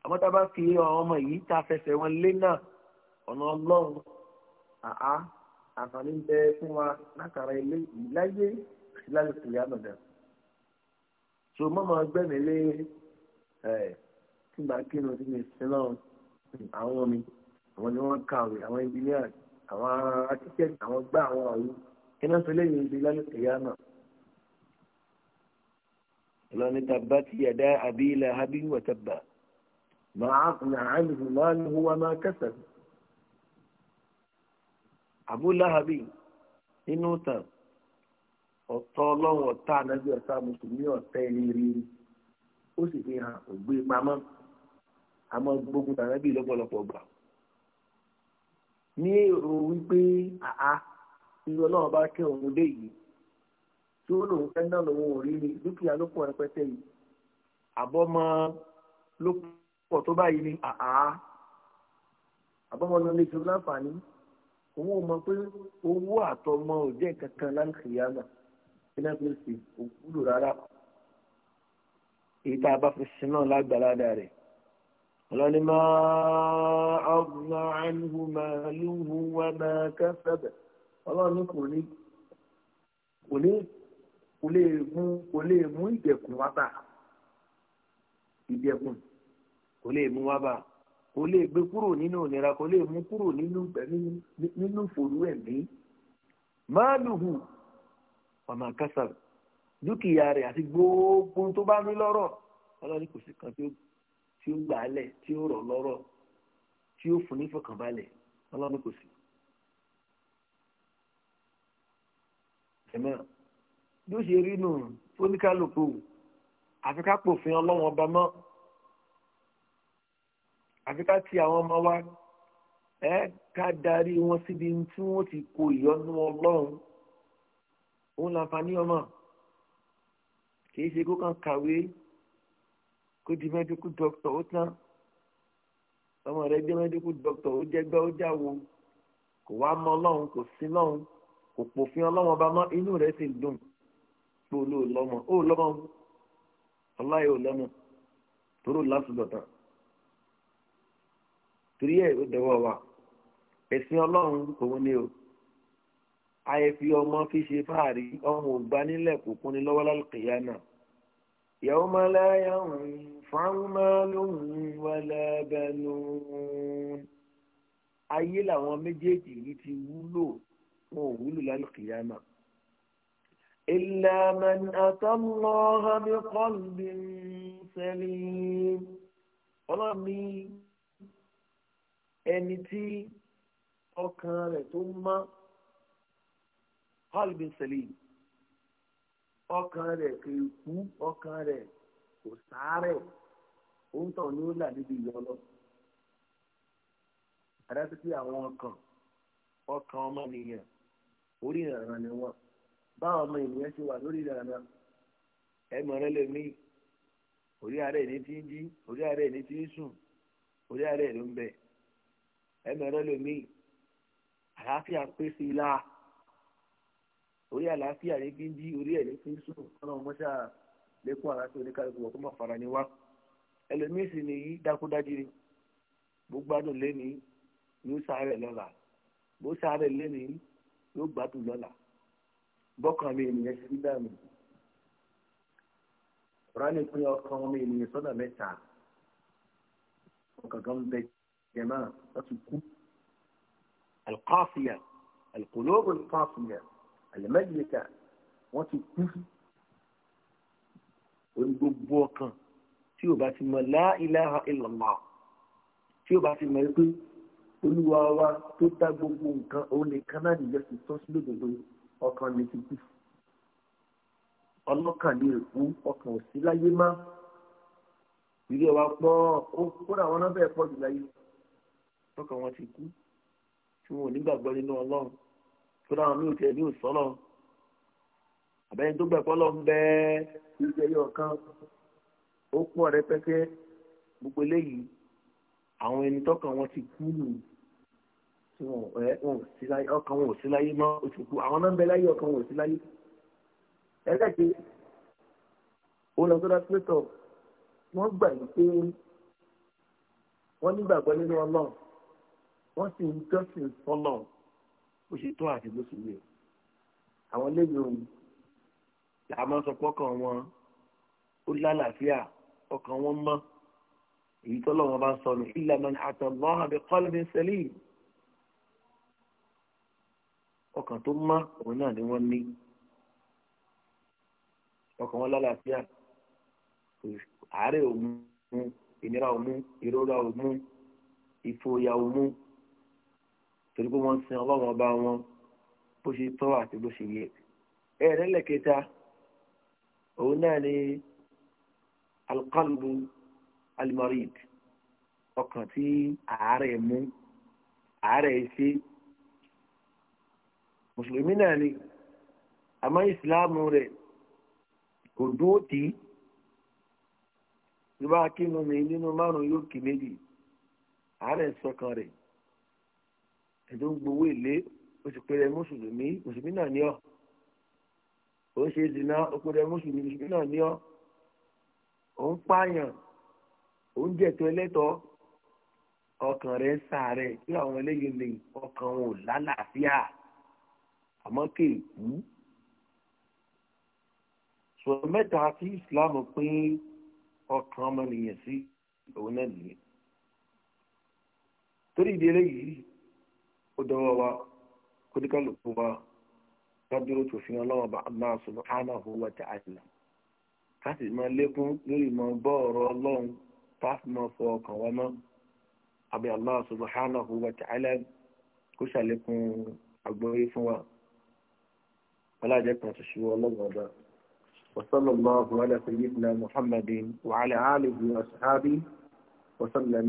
Speaker 1: àmọ́ tá a bá fi àwọn ọmọ yìí ta fẹsẹ̀ wọn lé náà ọ̀nà ọlọ́run àá àǹfààní ń bẹ fún wa látara so mọ́mọ́ lé n bá sí mi àwọn mi àwọn ni wọ́n kàwé àwọn akíkẹ́ àwọn gbá àwọn ọ̀rọ̀ iná sọ lẹ́yìn ibi lálẹ́ ìyá náà. ìlànà tàbá ti yàdá àbí ilẹ̀ àbí wà tàbá màá nà ánìhù máa ń hu wa máa kẹsà. àbúláhàbí nínú tàn ọ̀tọ̀ ọlọ́run ọ̀tá ànábì ọ̀tá mùsùlùmí ọ̀tá ẹni ó sì fi hàn ògbé pamọ́ àmọ́ gbógun tànábì lọ́pọ̀lọpọ̀ gbà ní èrò wípé àá irú ọlọ́run bá kẹ́ òun dé yìí tí ó lòun fẹ́ náà lòun ò rí ni dúkìá ló pọ̀ rẹpẹtẹ yìí àbọ̀mọ ló pọ̀ tó báyìí ni àá àbọ̀mọ ló lè fi láǹfààní òun ò mọ pé owó àtọmọ ò jẹ́ kankan láǹkìyàmà iná fi ń sè òkúlù rárá èyí tá a bá fi sin náà lágbàládà rẹ̀ ọlọ́ni máa ọgbà ànihù máa lúhu wá máa kẹsàbẹ̀ ọlọ́ni kò ní kò ní kò lè mú kò lè mú ìdẹ̀kùn wá bá ìdẹ̀kùn kò lè mú wá bá kò lè gbé kúrò nínú ìnira kò lè mú kúrò nínú nínú fòrú ẹ̀mí máa lùhù ọmọ kásá dúkìá rẹ̀ àti gbogbo tó bá ní lọ́rọ̀ ọlọ́ni kò sí kan tó tí ó gbà á lẹ̀ tí ó rọ̀ lọ́rọ̀ tí ó fún nífọ̀kànbalẹ̀ ọlọ́run kò sí. ẹ̀mọ́ bí ó ṣe rí nù fóníkálùkù àfi ká pòfin ọlọ́run ọba mọ́ àfi ká ti àwọn ọmọ wa ẹ ká darí wọn síbi tí wọ́n ti kó ìyọ́nú ọlọ́run òun làǹfààní ọmọ kì í ṣe kó kàn kàwé kó di medical doctor ó tán ọmọ rẹ jẹ́ medical doctor ó jẹ́gbẹ́ ó jáwo kò wá mọ ọlọ́run kò sí lọ́run kò pòfin ọlọ́run ọba mọ́ inú rẹ̀ sì dùn pé olú ò ó lọ́mọ ọláyé ò lọ́mọ toró lásìlọ́tàn torí ẹ̀ ó dẹ̀wọ́ wa ẹ̀sìn ọlọ́run òun ni o àyẹ̀fi ọmọ fi ṣe fáàrí ọmọ ògbà nílẹ̀ kò kún ni lọ́wọ́ lálùkìyà náà. يوم لا ينفع مال ولا بنون ayé làwọn méjèèjì yìí ti wúlò wọn ò wúlò lálùkìyàmà illa man ata Allaha bi qalbin salim ọlọ́mi ẹni tí ọkàn rẹ̀ tó mọ́ qalbin salim ọkàn rẹ̀ kì í kú ọkàn rẹ̀ kò sáárẹ̀, òun tàn ní ó là níbi ìyọlọ adájọ́ pé àwọn ọkàn ọkàn ọmọ nìyẹn orí ìrànà ni wọn báwọn ọmọ ènìyàn ṣe wà lórí ìrànà ẹmọ̀rẹ́ lè mí orí ara ẹni tí ń jí orí ara ẹni tí ń sùn orí ara ẹni ń bẹ ẹmọ̀rẹ́ lè mí àlàáfíà pèsè ìlà. orí àlàáfíà rẹ bí ń bí orí ẹ̀ ní fi ń sùn ọlọ́run mọ́ṣá lẹ́kún ara sí oníkálukú wọ̀ kó má fara ni wá ẹlòmíín sì nìyí dákúdájí ni bó gbádùn lẹ́ni yóò sáré lọ́la bó sáré lẹ́ni yóò gbádùn lọ́la bọ́kàn mi ènìyàn ṣe ń dààmú rani pín ọkàn ọmọ ènìyàn sọ́nà mẹ́ta ọkàn kan bẹ jẹ̀mọ́ wọ́n kú alqafiya alqulub alqafiya àlẹ́mẹ́lẹ́ta wọ́n ti kú oní gbogbo ọkàn tí o bá ti mọ̀ la ilaha illallah tí o bá ti mọ̀ pé olúwa wa tó dá gbogbo nǹkan òun nìkan náà nìyẹn ti tọ́ sí lódodo ọkàn ní ti kú ọlọ́kàn ní èkú ọkàn ò sí láyé má ìrírí wa pọ̀ kódà wọn náà bẹ́ẹ̀ pọ̀ jù láyé ọkàn wọn ti kú tí wọn ò nígbàgbọ́ nínú ọlọ́run tó dáhùn mí ò tiẹ̀ ní òsọ́lọ́ àbẹ́yìn tó gbẹ̀kọ́ lọ ń bẹ iṣẹ́ yọ kan ó pọ̀ rẹpẹtẹ gbogbo eléyìí àwọn ẹni tọ́kàn wọn ti kú nù tí wọn ẹ wọn ò sí láyé ọkàn wọn ò sí láyé mọ́ oṣù kú àwọn náà ń bẹ láyé ọkàn wọn ò sí láyé ẹlẹ́kẹ̀ẹ́ ó lọ sọ́dọ̀ pẹ́tọ̀ wọ́n gbà yìí pé wọ́n nígbàgbọ́ nínú ọlọ́run wọ́n sì ń jọ́sìn fọlọ́run bó ṣe tó àti bó ṣe yẹ àwọn lẹ́yìn òun là á máa sọ pé ọkàn wọn ó lálàáfíà ọkàn wọn mọ́ èyí tó lọ́wọ́ bá ń sọ ní illa man ata Allaha bi qalbin salim ọkàn tó mọ́ òun náà ni wọ́n ní ọkàn wọn lálàáfíà àárẹ̀ òmu ìnira òmu ìrora òmu ìfòyà òmu torí pé wọ́n sin ọlọ́run ọba wọn bó ṣe tọ́ àti bó ṣe yẹ ẹ̀rẹ́ lẹ́kẹta òun náà ni alqalbu almarid ọkàn tí àárẹ̀ mú àárẹ̀ ṣe mùsùlùmí náà ni àmọ́ ìsìláàmù rẹ̀ kò dúró tì í bí bá kínú mi nínú márùn-ún yóò kì méjì àárẹ̀ sọkàn rẹ̀ ẹni tó ń gbowó èlé ó ti pèrè mùsùlùmí mùsùlùmí náà ní ọ ó ń ṣe ìdìnnà ó pèrè mùsùlùmí mùsùlùmí náà ní ọ ó ń pààyàn ó ń jẹ̀tọ́ ẹlẹ́tọ́ ọkàn rẹ̀ ń sàárẹ̀ àwọn eléyìí lè ọkàn wọn ò lálàáfíà àmọ́ kéèkú sọ̀rọ̀ mẹ́ta tí Islam pín ọkàn ọmọnìyàn sí òun náà nìyẹn torí ìdí eléyìí ó dọwọ́ wa kó ní kálukú wa ká dúró tòfin ọlọ́wọ́ bá Allah subhanahu wa ta'ala ká sì máa lékún lórí ìmọ̀ gbọ́ ọ̀rọ̀ ọlọ́run ká sì máa fọ ọkàn wa mọ́ àbí Allah subhanahu wa ta'ala kó ṣàlékún àgbọ́yé fún wa ọlájẹ́ kan ṣoṣo ọlọ́run ọba. وصلى الله على سيدنا محمد وعلى آله وأصحابه وسلم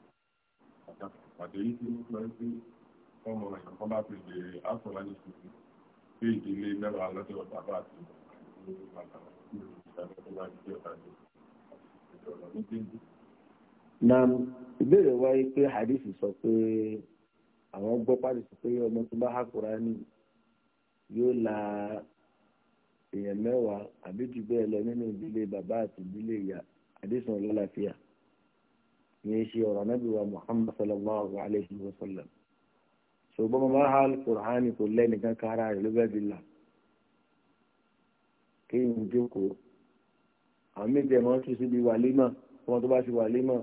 Speaker 1: pàtàkì yìí tí ó fẹ́ sí ọmọ èèyàn kan bá ti bèèrè áfọ̀lá ní ṣùgbọ́n pé ìdílé mẹ́wàá lọ́jọ́ ọ̀tá bá ti na ìbéèrè wáyé pé hadith sọ pé àwọn gbọ́ pàdé sọ pé ọmọ tó bá há Kùránì yóò la èèyàn mẹ́wàá àbí jù bẹ́ẹ̀ lọ nínú ìdílé bàbá àti ìdílé ìyá hadith sọ kìí ṣe ọ̀rọ̀ anábìwá muhammad sallallahu alayhi wa sallam ṣùgbọ́n mo máa ha alukur'ani kò lẹ́nìkan kára rẹ̀ ló bẹ́ẹ̀ bí la kéèyàn jókòó àwọn méjì ẹ̀ máa ń tún síbi wàlímà fún wọn tó bá ṣe wàlímà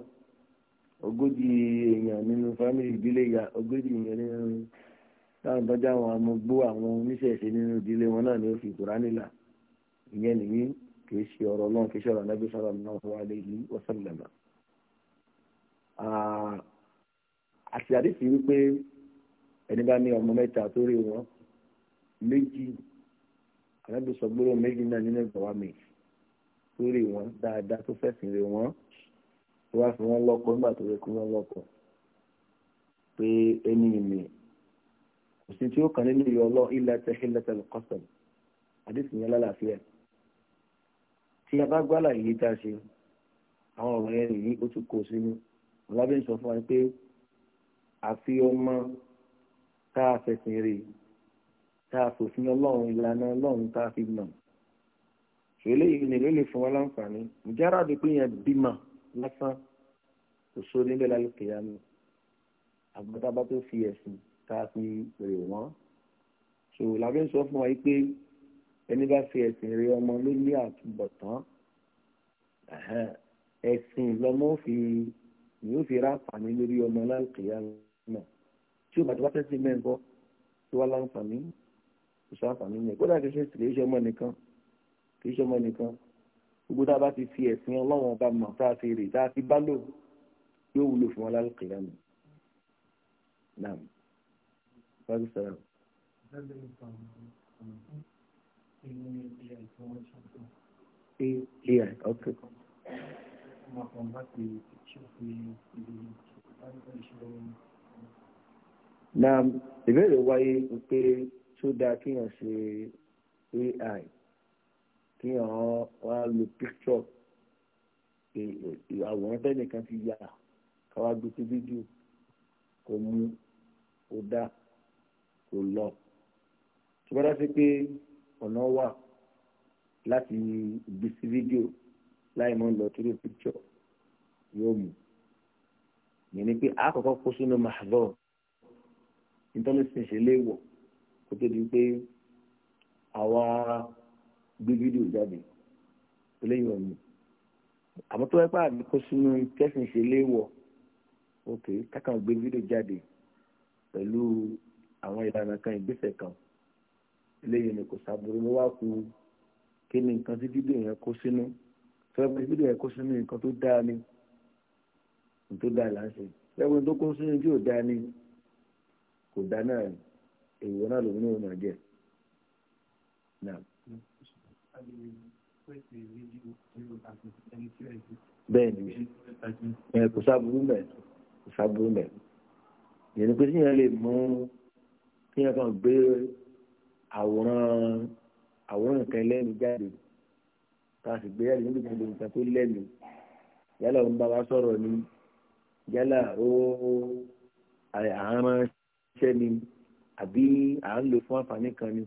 Speaker 1: ogójì èèyàn nínú fámìlì ìdílé ya ogójì èèyàn nínú táwọn tọ́jú àwọn amúgbó àwọn oníṣẹ̀ṣe nínú ìdílé wọn náà ni ó fi kùránì là ìyẹn nìyí kìí ṣe ọ̀rọ̀ ọlọ́run kìí ṣe ọ̀rọ̀ anábì sallallahu alayhi wa sallam Ah, àti àdéhùn wípé ẹni bá ní ọmọ mẹ́ta tó rí wọn méjì ànábì sọ gbóló méjì náà nínú ìgbàwá mi tó rí wọn dáadáa tó fẹ̀sìn rí wọn tó wá fi wọn lọ́kọ nígbà tó rẹ kí wọn lọ́kọ pé ẹni ìmì kò tí ó kàn nínú ìyọ ọlọ ilẹ̀ tẹ̀sílẹ̀tẹ̀ lọ́kọ̀sọ̀m àdéhùn yẹn lálàáfíà tí a bá gbálà yìí tá a ṣe àwọn ọ̀rọ̀ yẹn nìyí ó tún kó sínú ọlábí ń sọ fún wa pé àfi ọmọ tá a fẹsìn rè tá a fòfin ọlọ́run ìlànà ọlọ́run tá a fi mọ̀ ṣòlẹ́ yìí ni ló lè fún wa láǹfààní ìjára àdúgbò yẹn bímọ lásán kò só níbẹ̀ lálẹ́ kẹ̀yà mi àgbàdàbà tó fi ẹ̀sìn tá a fi rè wọ́n ṣò làbẹ́ ń sọ fún wa pé ẹni bá fi ẹ̀sìn rè ọmọ ló ní àtúbọ̀tán ẹ̀sìn lọ́mọ́ fi ni yóò fi ráǹfààní lórí ọmọ láǹkìyà náà tí o bàtí wá fẹ́ sí mẹ́ńkọ́ tí wá láǹfààní kò sáǹfààní yẹn kódà kì í ṣe kì í ṣe ọmọ nìkan kì í ṣe ọmọ nìkan gbogbo tá a bá ti fi ẹ̀sìn ọlọ́wọ́n bá mọ̀ tá a fi rè tá a fi bá lò yóò wúlò fún wọn láǹkìyà náà. AI, okay na ìbéèrè wáyé pé tó dáa kíyàn ṣe ai kíyàn wá lo picture àwòrán tẹ́nìkan ti yà káwá gbé sí fídíò kò mú kò dá kò lọ ṣùgbọ́n dá sí pé ọ̀nà wà láti gbé sí fídíò láì mọ́ lọ tó lè picture yóò mú yẹn ni pé àkọ́kọ́ kó sínú mahadum nítorí sì ṣe léèwọ̀ kó tó di pé àwa gbé fídíò jáde eléyìí ọ̀nà àmọ́ tó wáyé pàdé kó sínú kẹ́sìn ṣe léèwọ̀ ok kákan gbé fídíò jáde pẹ̀lú àwọn ìlànà kan ìgbésẹ̀ kan eléyìí ni kò sábúrú ló wá kú kí ni nǹkan tí fídíò yẹn kó sínú tó wáyé pàdé fídíò yẹn kó sínú nǹkan tó dáa ni tó dáa là ń ṣe lẹ́gbẹ̀ẹ́ tó kún sínú tí ò dáa ni kò dáa náà èèwọ̀ náà lòun náà máa jẹ́ náà. bẹ́ẹ̀ ni ẹ kò sábúrú mẹ́ kò sábúrú mẹ́ ìyẹn ni pé tíyẹn lè mú tíyẹn kan gbé àwòrán àwòrán nǹkan lẹ́nu jáde ká sì gbé ẹ̀rí níbi kan lè nǹkan tó lẹ́nu yálà òun bá wa sọ̀rọ̀ ni yálà ó àárán iṣẹ́ ni àbí à ń lò fún àǹfààní kan ni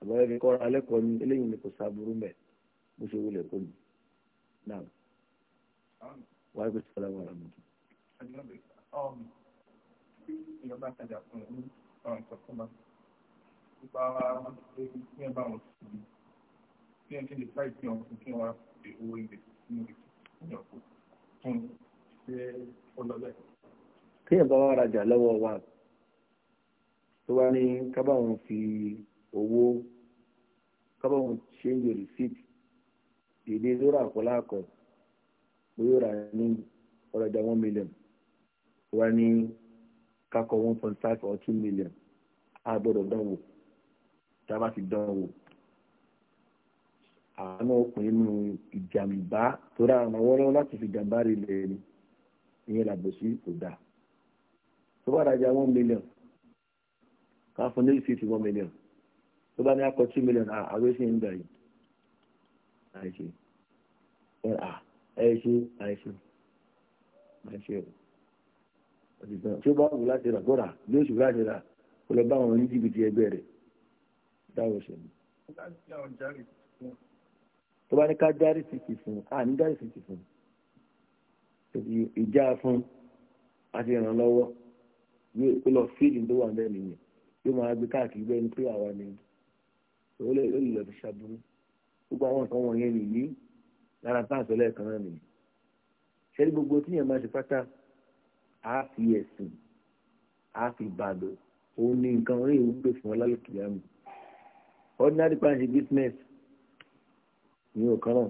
Speaker 1: àbọ̀rẹ́ fi kọ́ra alẹ́kọ̀ọ́ ni eléyìí ni kò sábúrú mẹ́ bó ṣe wọlé kó mi náà wà á gbé sọ́lá wà lọ́mọ. ìjọba àtàjà fún un ọ̀rọ̀ ìtọ́kùnmá nípa pé kí ẹ bá wọn sùn kí ẹ ti lè fáìsì ọ̀hún kí wọ́n á fi owó ilé nínú ìtọ́kùn tí ó lọ bẹ́ẹ̀. kéèyàn bá wá rajà lọ́wọ́ wa tó wá ní kábàáwọn fi owó kábàáwọn ṣéǹjì receipt dèdè lórí àkọlákọ̀ bóyá rà ní ọ̀rọ̀jà one million tó wá ní kákọ̀ one point five or two million a gbọ́dọ̀ dánwò tá a bá ti dánwò àwọn ọkùnrin nínú ìjàmbá tó ra àwọn ọlọ́wọ́ láti fi jàmbá rí lẹ́yìn ìyẹn làbòsí kò dáa tó bá rajà one million ká fún ní fifty one million tó bá ní akọ two million àwọn èsì ń gbà yìí àìṣe ẹ à ẹ ṣe àìṣe àìṣe o òṣìṣẹ́ tí ó bá wù láti rà gbọ́dà bí oṣù láti rà kó lọ bá àwọn ní jìbìtì ẹgbẹ́ rẹ̀ dáwọ́ ṣẹlẹ̀ tó bá ní ká járí títì fún un à ní járí títì fún un ìjà fún àti ìrànlọ́wọ́ kó lọ fíìdì tó wà ń bẹ́ẹ̀ nìyẹn yóò máa gbé káàkiri bẹ́ẹ̀ ni pé àwa ni ó lè lọ fi ṣàbùrú gbogbo àwọn nǹkan wọ̀nyẹn nìyí lára tá à ń sọ lẹ́ẹ̀kan náà nìyí ṣẹ́ni gbogbo tíyẹn máa ṣe pátá á fi ẹ̀sìn á fi bàdó òun ni nǹkan orí ìwú gbé fún ọ lálùkì yàmù ordinary plan ṣe business ní ọ̀kan náà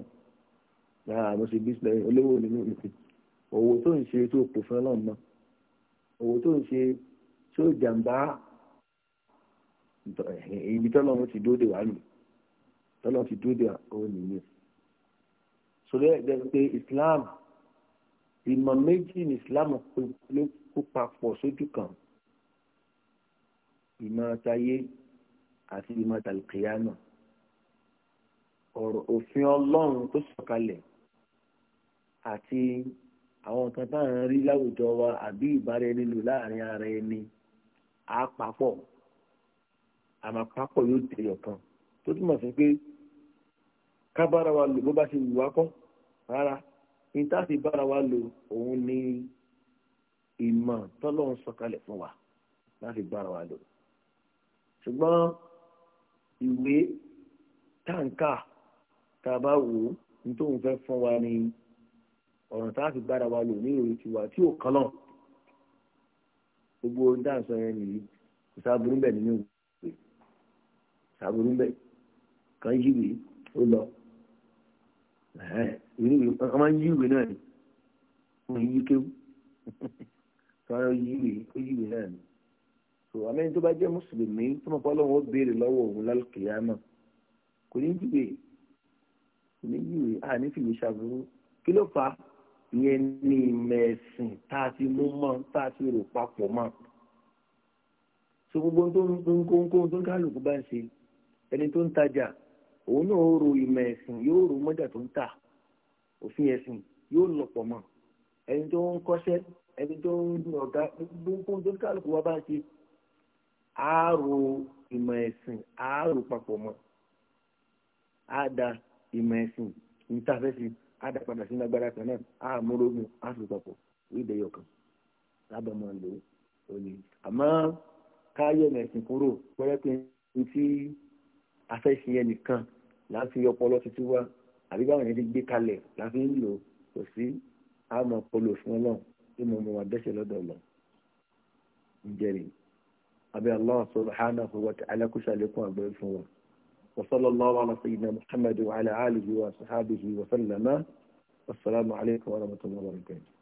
Speaker 1: lára àmọ́ ṣe business olówó nínú ìsìn òwò tó ń ṣe tó kò fún ọlọ́run mọ́ òwò tó ń ṣe tó jàǹbá ibi tọ́lọ́run ti dóde wà lù tọ́lọ́run ti dóde òun nìyẹn sórí ẹ̀jẹ̀ pé Islam ìmọ̀ méjì ní Islam ló kó papọ̀ sójú kan ìmọ̀ àtayé àti ìmọ̀ àtàlùkìyà náà ọ̀rọ̀ òfin ọlọ́run tó sọ̀kalẹ̀ àti àwọn nǹkan tá à ń rí láwùjọ wa àbí ìbára ẹni lò láàrin ara ẹni àpapọ̀ àmàpapọ̀ yóò di ọ̀kan tó túmọ̀ sí pé kábára wa lò bó bá ṣe wù wá kọ́ rárá ní táàfin bára wa lò òun ni ìmọ̀ tọ́lọ́ ń sọ̀kalẹ̀ fún wa láti bára wa lò ṣùgbọ́n ìwé táǹkà tá a bá wò ní tóun fẹ́ fún wa ni ọ̀ràn tá a fi gbára wa lò ní ìròyìn tiwa tí ò kán náà gbogbo ohun tá à ń sọ yẹn nìyí kò sábúrú bẹ̀ nínú ìwé sábúrú bẹ̀ kan yíwè ó lọ wọ́n máa ń yíwè náà ni wọ́n yí kéwù wọ́n máa ń yíwè ó yíwè náà ni so àmẹ́ni tó bá jẹ́ mùsùlùmí tó mọ̀ pọ́ lọ́wọ́ béèrè lọ́wọ́ òun lálùkìyà náà kò ní yíwè kò ní yíwè àní fìwé sábúrú kí ló fà á ìyẹn ní ìmọ̀ ẹ̀sìn tá a ti mú mọ́ tá a ti rò papọ̀ mọ́ so gbogbo tó ń tó ń kó ń kó tó ń kálukú bá ń ṣe ẹni tó ń tajà òun náà ó ro ìmọ̀ ẹ̀sìn yóò ro mọ́jà tó ń tà òfin ẹ̀sìn yóò lọ̀pọ̀ mọ́ ẹni tó ń kọ́ṣẹ́ ẹni tó ń dùn ọ̀gá gbogbo tó ń kálukú wá bá ń ṣe á ro ìmọ̀ ẹ̀sìn á ro papọ̀ mọ́ á da ìmọ̀ ẹ̀sìn ń á dá padà sínú agbára kan náà á múrógun á fi papọ̀ ìdè yọkan lábẹ́ máa lò ó ní. àmọ́ káyọ̀ ẹ̀sìn kúrò pẹ́rẹ́ pé ní tí afẹ́sìn yẹn nìkan láà fi ọpọlọ tuntun wá àbí báwọn yẹn ti gbé kalẹ̀ láà fi ń lò kò sí àmọ́ polo fún ọlọ́run tí mo mọ wọn dẹ́sẹ̀ lọ́dọ̀ lọ. ǹjẹ́ rí abẹ́ Allah subhanahu wa ta'ala kó ṣàlékún àgbẹ̀ fún wọn. وصلى الله على سيدنا محمد وعلى آله وصحابه وسلم والسلام عليكم ورحمة الله وبركاته